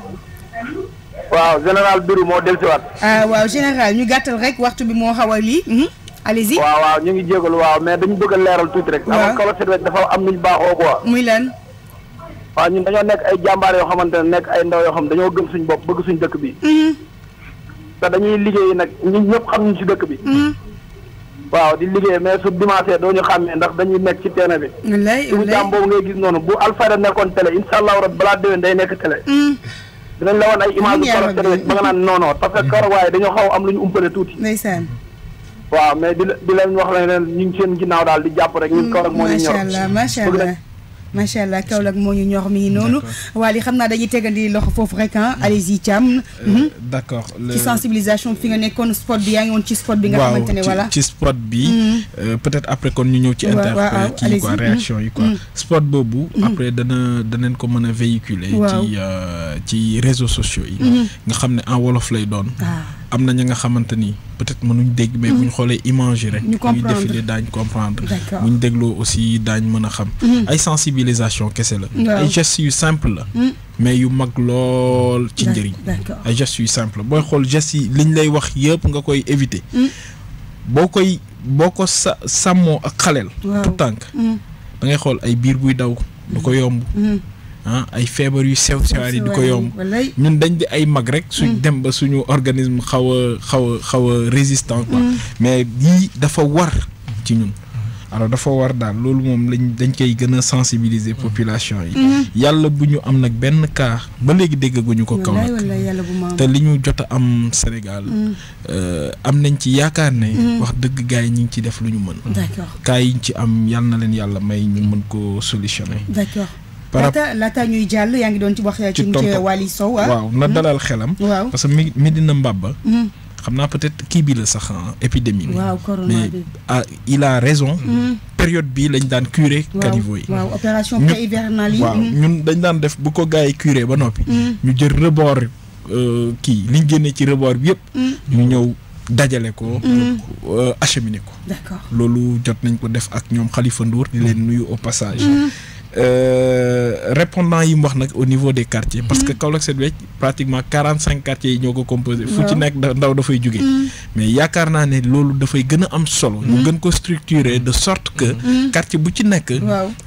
waaw général Birou moo dellusiwaat. ah waaw général ñu gàttal rek waxtu bi moo xaw a lii. Mhm. allez waaw waaw ñu ngi jégalu waaw mais dañu bëgg leeral tuuti rek. waaw kaw la am lu ñu baaxoo quoi. muy lan. waaw ñun dañoo nekk ay jàmbaar yoo xamante ne nekk ay ndaw yoo xam dañoo gëm suñu bopp bëgg suñ dëkk bi. Mhm. te dañuy liggéey nag ñun ñëpp xam ñu ci dëkk bi. Mhm. waaw di liggéey mais su dimanche doo ñu xàmmee ndax dañuy nekk ci terrain bi. wallay wallay suñu jàmm boobu ngay gis noonu bu Alfayda nekkoon télé incha allahu rabi balaa day nekk télé. dinañ la woon ay image Kaolack Senelec ba nga naan non non parce que Kaolack waaye dañoo xaw am lu ñu umpale tuuti. ndeysaan. waaw mais di di leen wax ne leen ñu ngi seen ginnaaw daal di jàpp rek. ñun Kaolack moo ñu ñor macha allah macha allah macha allah Kaolack moo ñu ñor mi ngi noonu. xamna dañuy tegandi lox fofu rek ah. allez-y Thiam. Euh, hmm? d'accord le sensibilisation fi nga nekkoon spot bi yaa ngi woon ci spot bi. nga xamante wala ci spot bi. Hmm. Euh, peut-être après kon ñu ñëw ci. interpellé euh, ah, kii quoi hmm. réaction yi quoi. spot bobu après dana danañ ko mëna véhiculer. ci ci réseaux sociaux yi. nga xam en wolof lay doon. Ah am peut-être mënuñ dégg. mais simple. Mm-hmm. image rek. défilé daañ comprendre. aussi daañ mën a xam. Mm-hmm. ay sensibilisation kese la. ay gestes suis simple la. Mm-hmm. mais yu mag lool ci njëriñ. ay je suis simple booy xool gestes yi liñ lay wax yépp nga koy éviter. boo koy boo ko ak xaleel. tout tànk da ngay xool ay biir buy daw. ko yomb ah ay feebar yu sew sewaat yi di ko yomb ñun dañ di ay mag rek suñ mm. dem ba suñu organisme xaw a xaw a xaw a résistant quoi mm. mais yii dafa war ci ñun alors dafa war daal loolu moom lañ dañ koy gën a sensibiliser mm. population yi mm-hmm. yàlla bu ñu am nag benn cas ba léegi déggaguñu ko kaw nag te li ñu jot a am Sénégal euh, am nañ ci yaakaar ne mm-hmm. wax dëgg gaay ñi ngi ci def lu ñu mën cas yi ñu ci am yàlla na leen yàlla may ñu mën ko solutionner d'accord laata laata ñuy jàll yaa ngi doon ci wax. ci tontu Waly Sow ah? waaw na hmm? dalal xelam. waaw parce que Medina Mbaba. Hmm. xam naa peut-être kii bi la sax ah, épidémie. waaw corona bi mais il a raison. Hmm. période bi lañ daan curé. caniveau yi waaw opération pré-hivernale yi. ñun dañ daan def bu ko gars yi curé ba noppi. ñu jël rebord euh, kii liñ génnee ci rebord bi yëpp. ñu ñëw. dajale ko. Euh, acheminé ko. loolu jot nañ ko def ak ñoom xalifa nduur di leen nuyu au passage. Euh, répondant yi wax nak au niveau des quartiers. parce que mhm. Kaolack Set Wecc pratiquement 45 quartiers yi composé. fu ci nekk ndaw da fay jóge mm. mais yakarna né ne loolu dafay gën a am solo. ñu mm. gën ko structurer de sorte que. Mm. quartier bu ci nekk.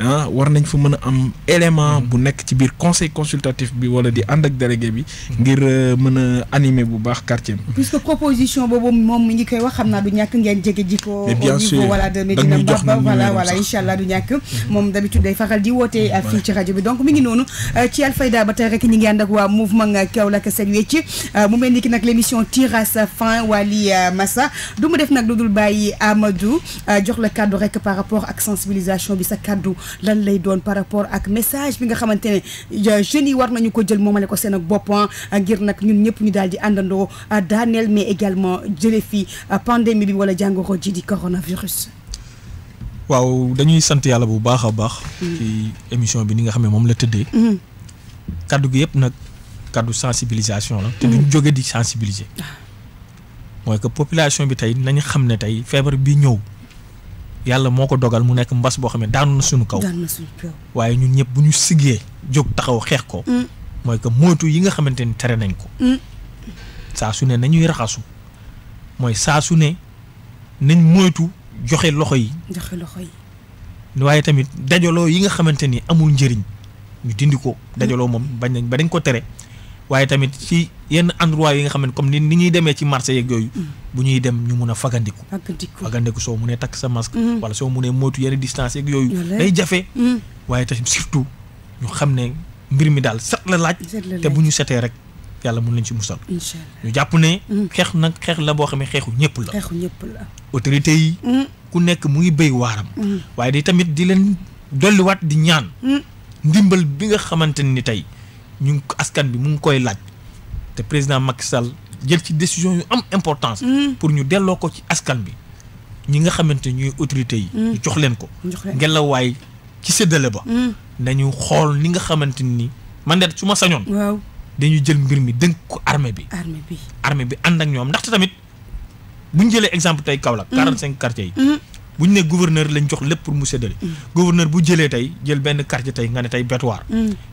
hein war nañ fu mëna am élément bu nekk ci biir conseil consultatif bi wala di and ak délégué bi. ngir euh, mëna animer bu baax quartier puisque composition bobu mom mi ngi koy wax xamna du ñak ngeen jege jiko ko. mais bien sûr da nga ñu jox voilà voilà incha du ñak mom d'habitude day faral di wootee uh, fi ci radio bi donc mi ngi nonu uh, ci Alfayda ba tey rek ñi ngi ànd ak waa mouvement uh, Kaolack Set Wecc mu melni ki nak l'émission émission tire à sa fin wali Massa du mu def nak dudul dul Amadou jox le kaddu rek par rapport ak sensibilisation bi sa kaddu lan lay doon par rapport ak message bi nga xamantene ne yi war nañu ko jël momale ko sen ak boppam ah. ngir nak ñun ñëpp ñu daldi andando daniel mais également jëlé fi pandémie bi wala jangoro ji di coronavirus waaw dañuy sant yàlla bu baax a baax. Mm. ci émission bi ni nga xam ne moom la tëddee. Mm-hmm. kàddu gi yëpp nag kàddu sensibilisation la. te duñ mm-hmm. jóge di sensibiliser. Ah. mooy que population bi tey nañu xam ne tey feebar bi ñëw yàlla moo ko dogal mu nekk mbas boo xam ne daanu na suñu kaw. waaye ñun ñëpp bu ñu siggee jóg taxaw xeex ko. Mm. mooy que moytu yi nga xamante ni tere nañ ko. Mm. saa su ne nañuy raxasu mooy saa su ne nañ moytu. joxe loxo yi. loxo yi. waaye tamit dajaloo yi nga xamante ni amul njëriñ ñu dindi ko. dajaloo moom bañ nañ ba dañ ko tere. waaye tamit ci yenn endroit yi nga xam ne comme ni ni ñuy demee ci marché yeeg yooyu. Mm. bu ñuy dem ñu mun a fagandiku. fagandiku fagandiku soo munee takk sa masque. Mm. wala soo munee moytu yenn distance yeeg yooyu. day jafe. Mm. waaye tamit surtout ñu xam ne mbir mi daal set la laaj. te bu ñu setee rek yàlla mun lañ ci musal. ñu jàpp ne. xeex nag xeex la boo xam ne ñëpp la. xeexu ñëpp autorité yi. Mm. ku nekk mu ngi béy waaram. Mm. waaye di tamit di leen dolliwaat di ñaan. Mm. ndimbal bi nga xamante ni tey ñu askan bi mu ngi koy laaj te président Macky Sall jël ci décision yu am importance. pour ñu delloo ko ci askan bi ñi nga xamante ñuy autorité yi. ñu jox leen ko. ngelawaay ci séddale ba. nañu xool ni nga xamante ni man de su ma sañoon. dañu jël mbir mi dënk ko armée bi. armée bi armée bi ànd ak ñoom ndaxte tamit. bu ñu jëlee exemple tey Kaolack. 45 mm-hmm. quartiers yi. Mm-hmm. bu ñu ne gouverneur lañ jox lépp pour mu séddale. Mm-hmm. gouverneur bu jëlee tey jël benn quartier tey nga ne tey Betuwaar.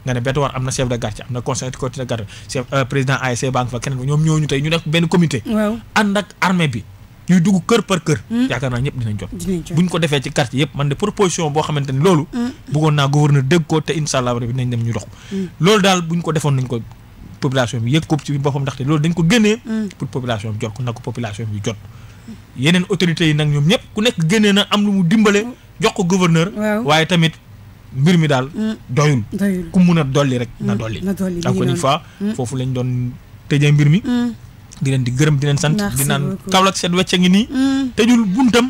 nga ne Betuwaar am na chef de quartier am na conseil de quartier chef euh, président ASC e banque fa keneen ñoom ñu tey ñu nekk benn comité. waaw ànd ak armée bi. ñuy dugg kër par kër. yaakaar naa ñëpp dinañ jot. buñ ko defee ci quartier yëpp man de proposition boo xamante ni loolu. bëggoon naa gouverneur dégg ko te incha allah dinañ dem ñu loolu daal buñ ko defoon nañ ko population bi yëg ko ci boppam ndaxte loolu dañ ko génnee. Mm. pour population bi jot ko na ko population bi jot. yeneen autorités yi nag ñoom ñëpp ku nekk génnee na am lu mu dimbale mm. jox ko gouverneur. waaye tamit mbir mi daal. Mm. doyul ku mun a dolli rek. na dolli encore une fois. foofu lañ doon tëjee mbir mi. di leen di gërëm di leen sant di naan Kaolack set wecce ngi nii. tëjul buntam.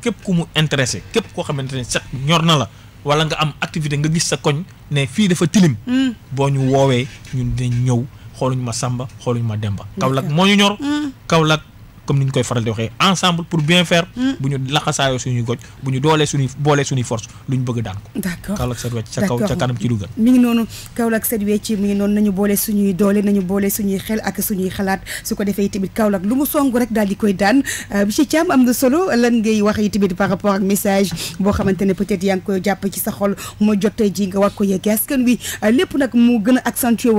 képp ku mu intéressé képp koo xamante ne set ñor na la. wala nga am activité nga gis sa koñ ne fii dafa tilim. Mm. boo ñu woowee ñun dinañ ñëw xooluñ ma Samba xooluñ ma Demba. Kaolack moo ñu ñor. Mm. Kaolack comme ni ñu koy faral di waxee ensemble pour bien faire. Mm. bu ñu laxasaayoo suñuy goj bu ñu doolee suñuy boolee suñuy force luñ bëgg daan ko. d'accord Kaolack set wecc ca kaw ca kanam ci dugal. mi ngi noonu Kaolack set wecc mi ngi noonu nañu boole suñuy doole nañu boole suñuy xel ak suñuy xalaat su ko defee tamit Kaolack lu mu song rek daal di koy daan euh, monsieur Thiam am na solo lan ngay wax yi tamit par rapport ak message boo xamante ne peut-être euh, a accentuer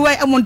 wu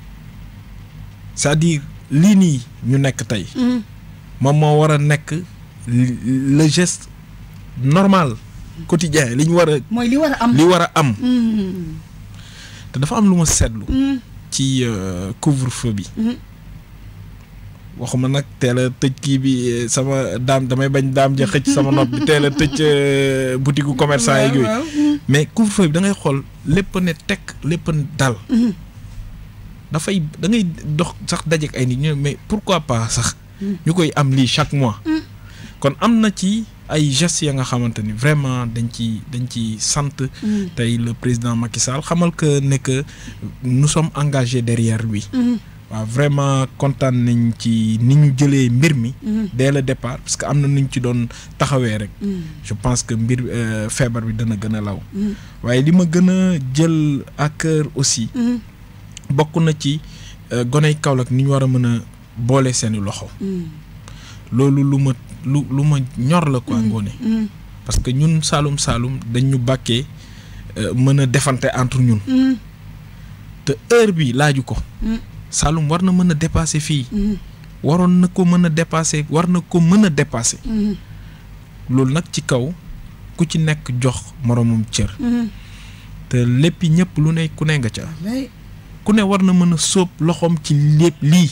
c'est-à-dire lini ñu nek tay mm-hmm. moom le geste normal quotidien li ñu war li wara am li wara am am. Mm-hmm. te dafa am lu sétlu seetlu. Mm-hmm. ci euh, couvre-feu bi. waxuma nak teel a bi euh, sama dam, damay bañ dam ja xëc sama nopp bi teel a tëj euh, boutique commerçant yi mais couvre-feu bi da ngay xol lepp ne tek lepp dal. fay da ngay dox sax dajeek ay nit mais pourquoi pas sax. ñukoy am li chaque mois. Mm. kon amna ci ay gestes ya nga xamanteni vraiment dañ ci dañ ci sante mm. tay le président Macky Sall xamal que ne que nous sommes engagés derrière lui. Mm. vraiment kontaan nañ ci ni ñu mbir mi. dès le départ parce que amna na ñu ci doon taxawé rek. je pense que mbir euh, feebar bi dana gën a law. waye li ma jël à cœur aussi. bokk na ci euh, goney Kaolack ni ñu war a mën a boole seeni loxo. Mm. loolu lu ma lu lu ma ñor la ko mm. ngoone mm. parce que ñun Saalum Saalum dañ ñu bàkkee euh, mën a defante entre ñun. te heure bi laaju ko. Saalum war na mën a dépasser fii. waroon na ko mën a dépasser war na ko mën a dépasser. loolu nag ci kaw ku ci nekk jox moroomam cër. te lépp ñëpp lu ne ku ne nga ca. ku ne war na mën a sóob loxoom ci lépp lii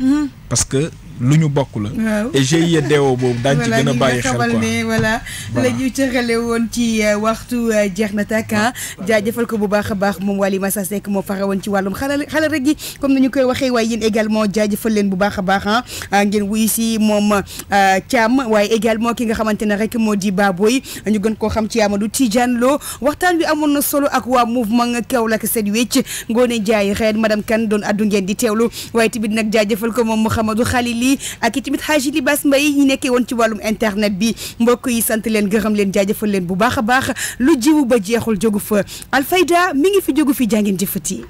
mm-hmm. parce que lu ñu bokk la. waaw et GIEDO boobu daañu ci gën a bàyyi xel quoi voilà ñu woon ci euh, waxtu euh, jeex na tàkk ah. jaajëfal ko bu baax a baax moom Waly Massah Seck moo fare woon ci wàllum xalal xalal rek gi comme ni ñu koy waxee waaye yéen également jaajëfal leen bu baax a baax ah. Ah, ngeen si moom euh, Thiam waaye également ki nga xamante ne rek moo di Baboy ñu gën koo xam ci Amadou Tidiane loo waxtaan wi amoon na solo ak waa mouvement Kaolack Set Wecc Ngoone Ndiaye ren madame Kane doon addu ngeen di teewlu waaye tamit nag jaajëfal ko moom Mouhamadou Khalil yi ak i tamit xaaji libaas mbay ñi nekkee woon ci wàllum internet bi mbokk yi sant leen gërëm leen jaajëfal leen bu baax a baax lu jiwu ba jeexul jógu fa alfayda mi ngi fi jógu fi jàngeen jëfati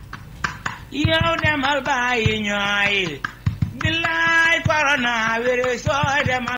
yow demal bàyyi ñooy billaay corona virus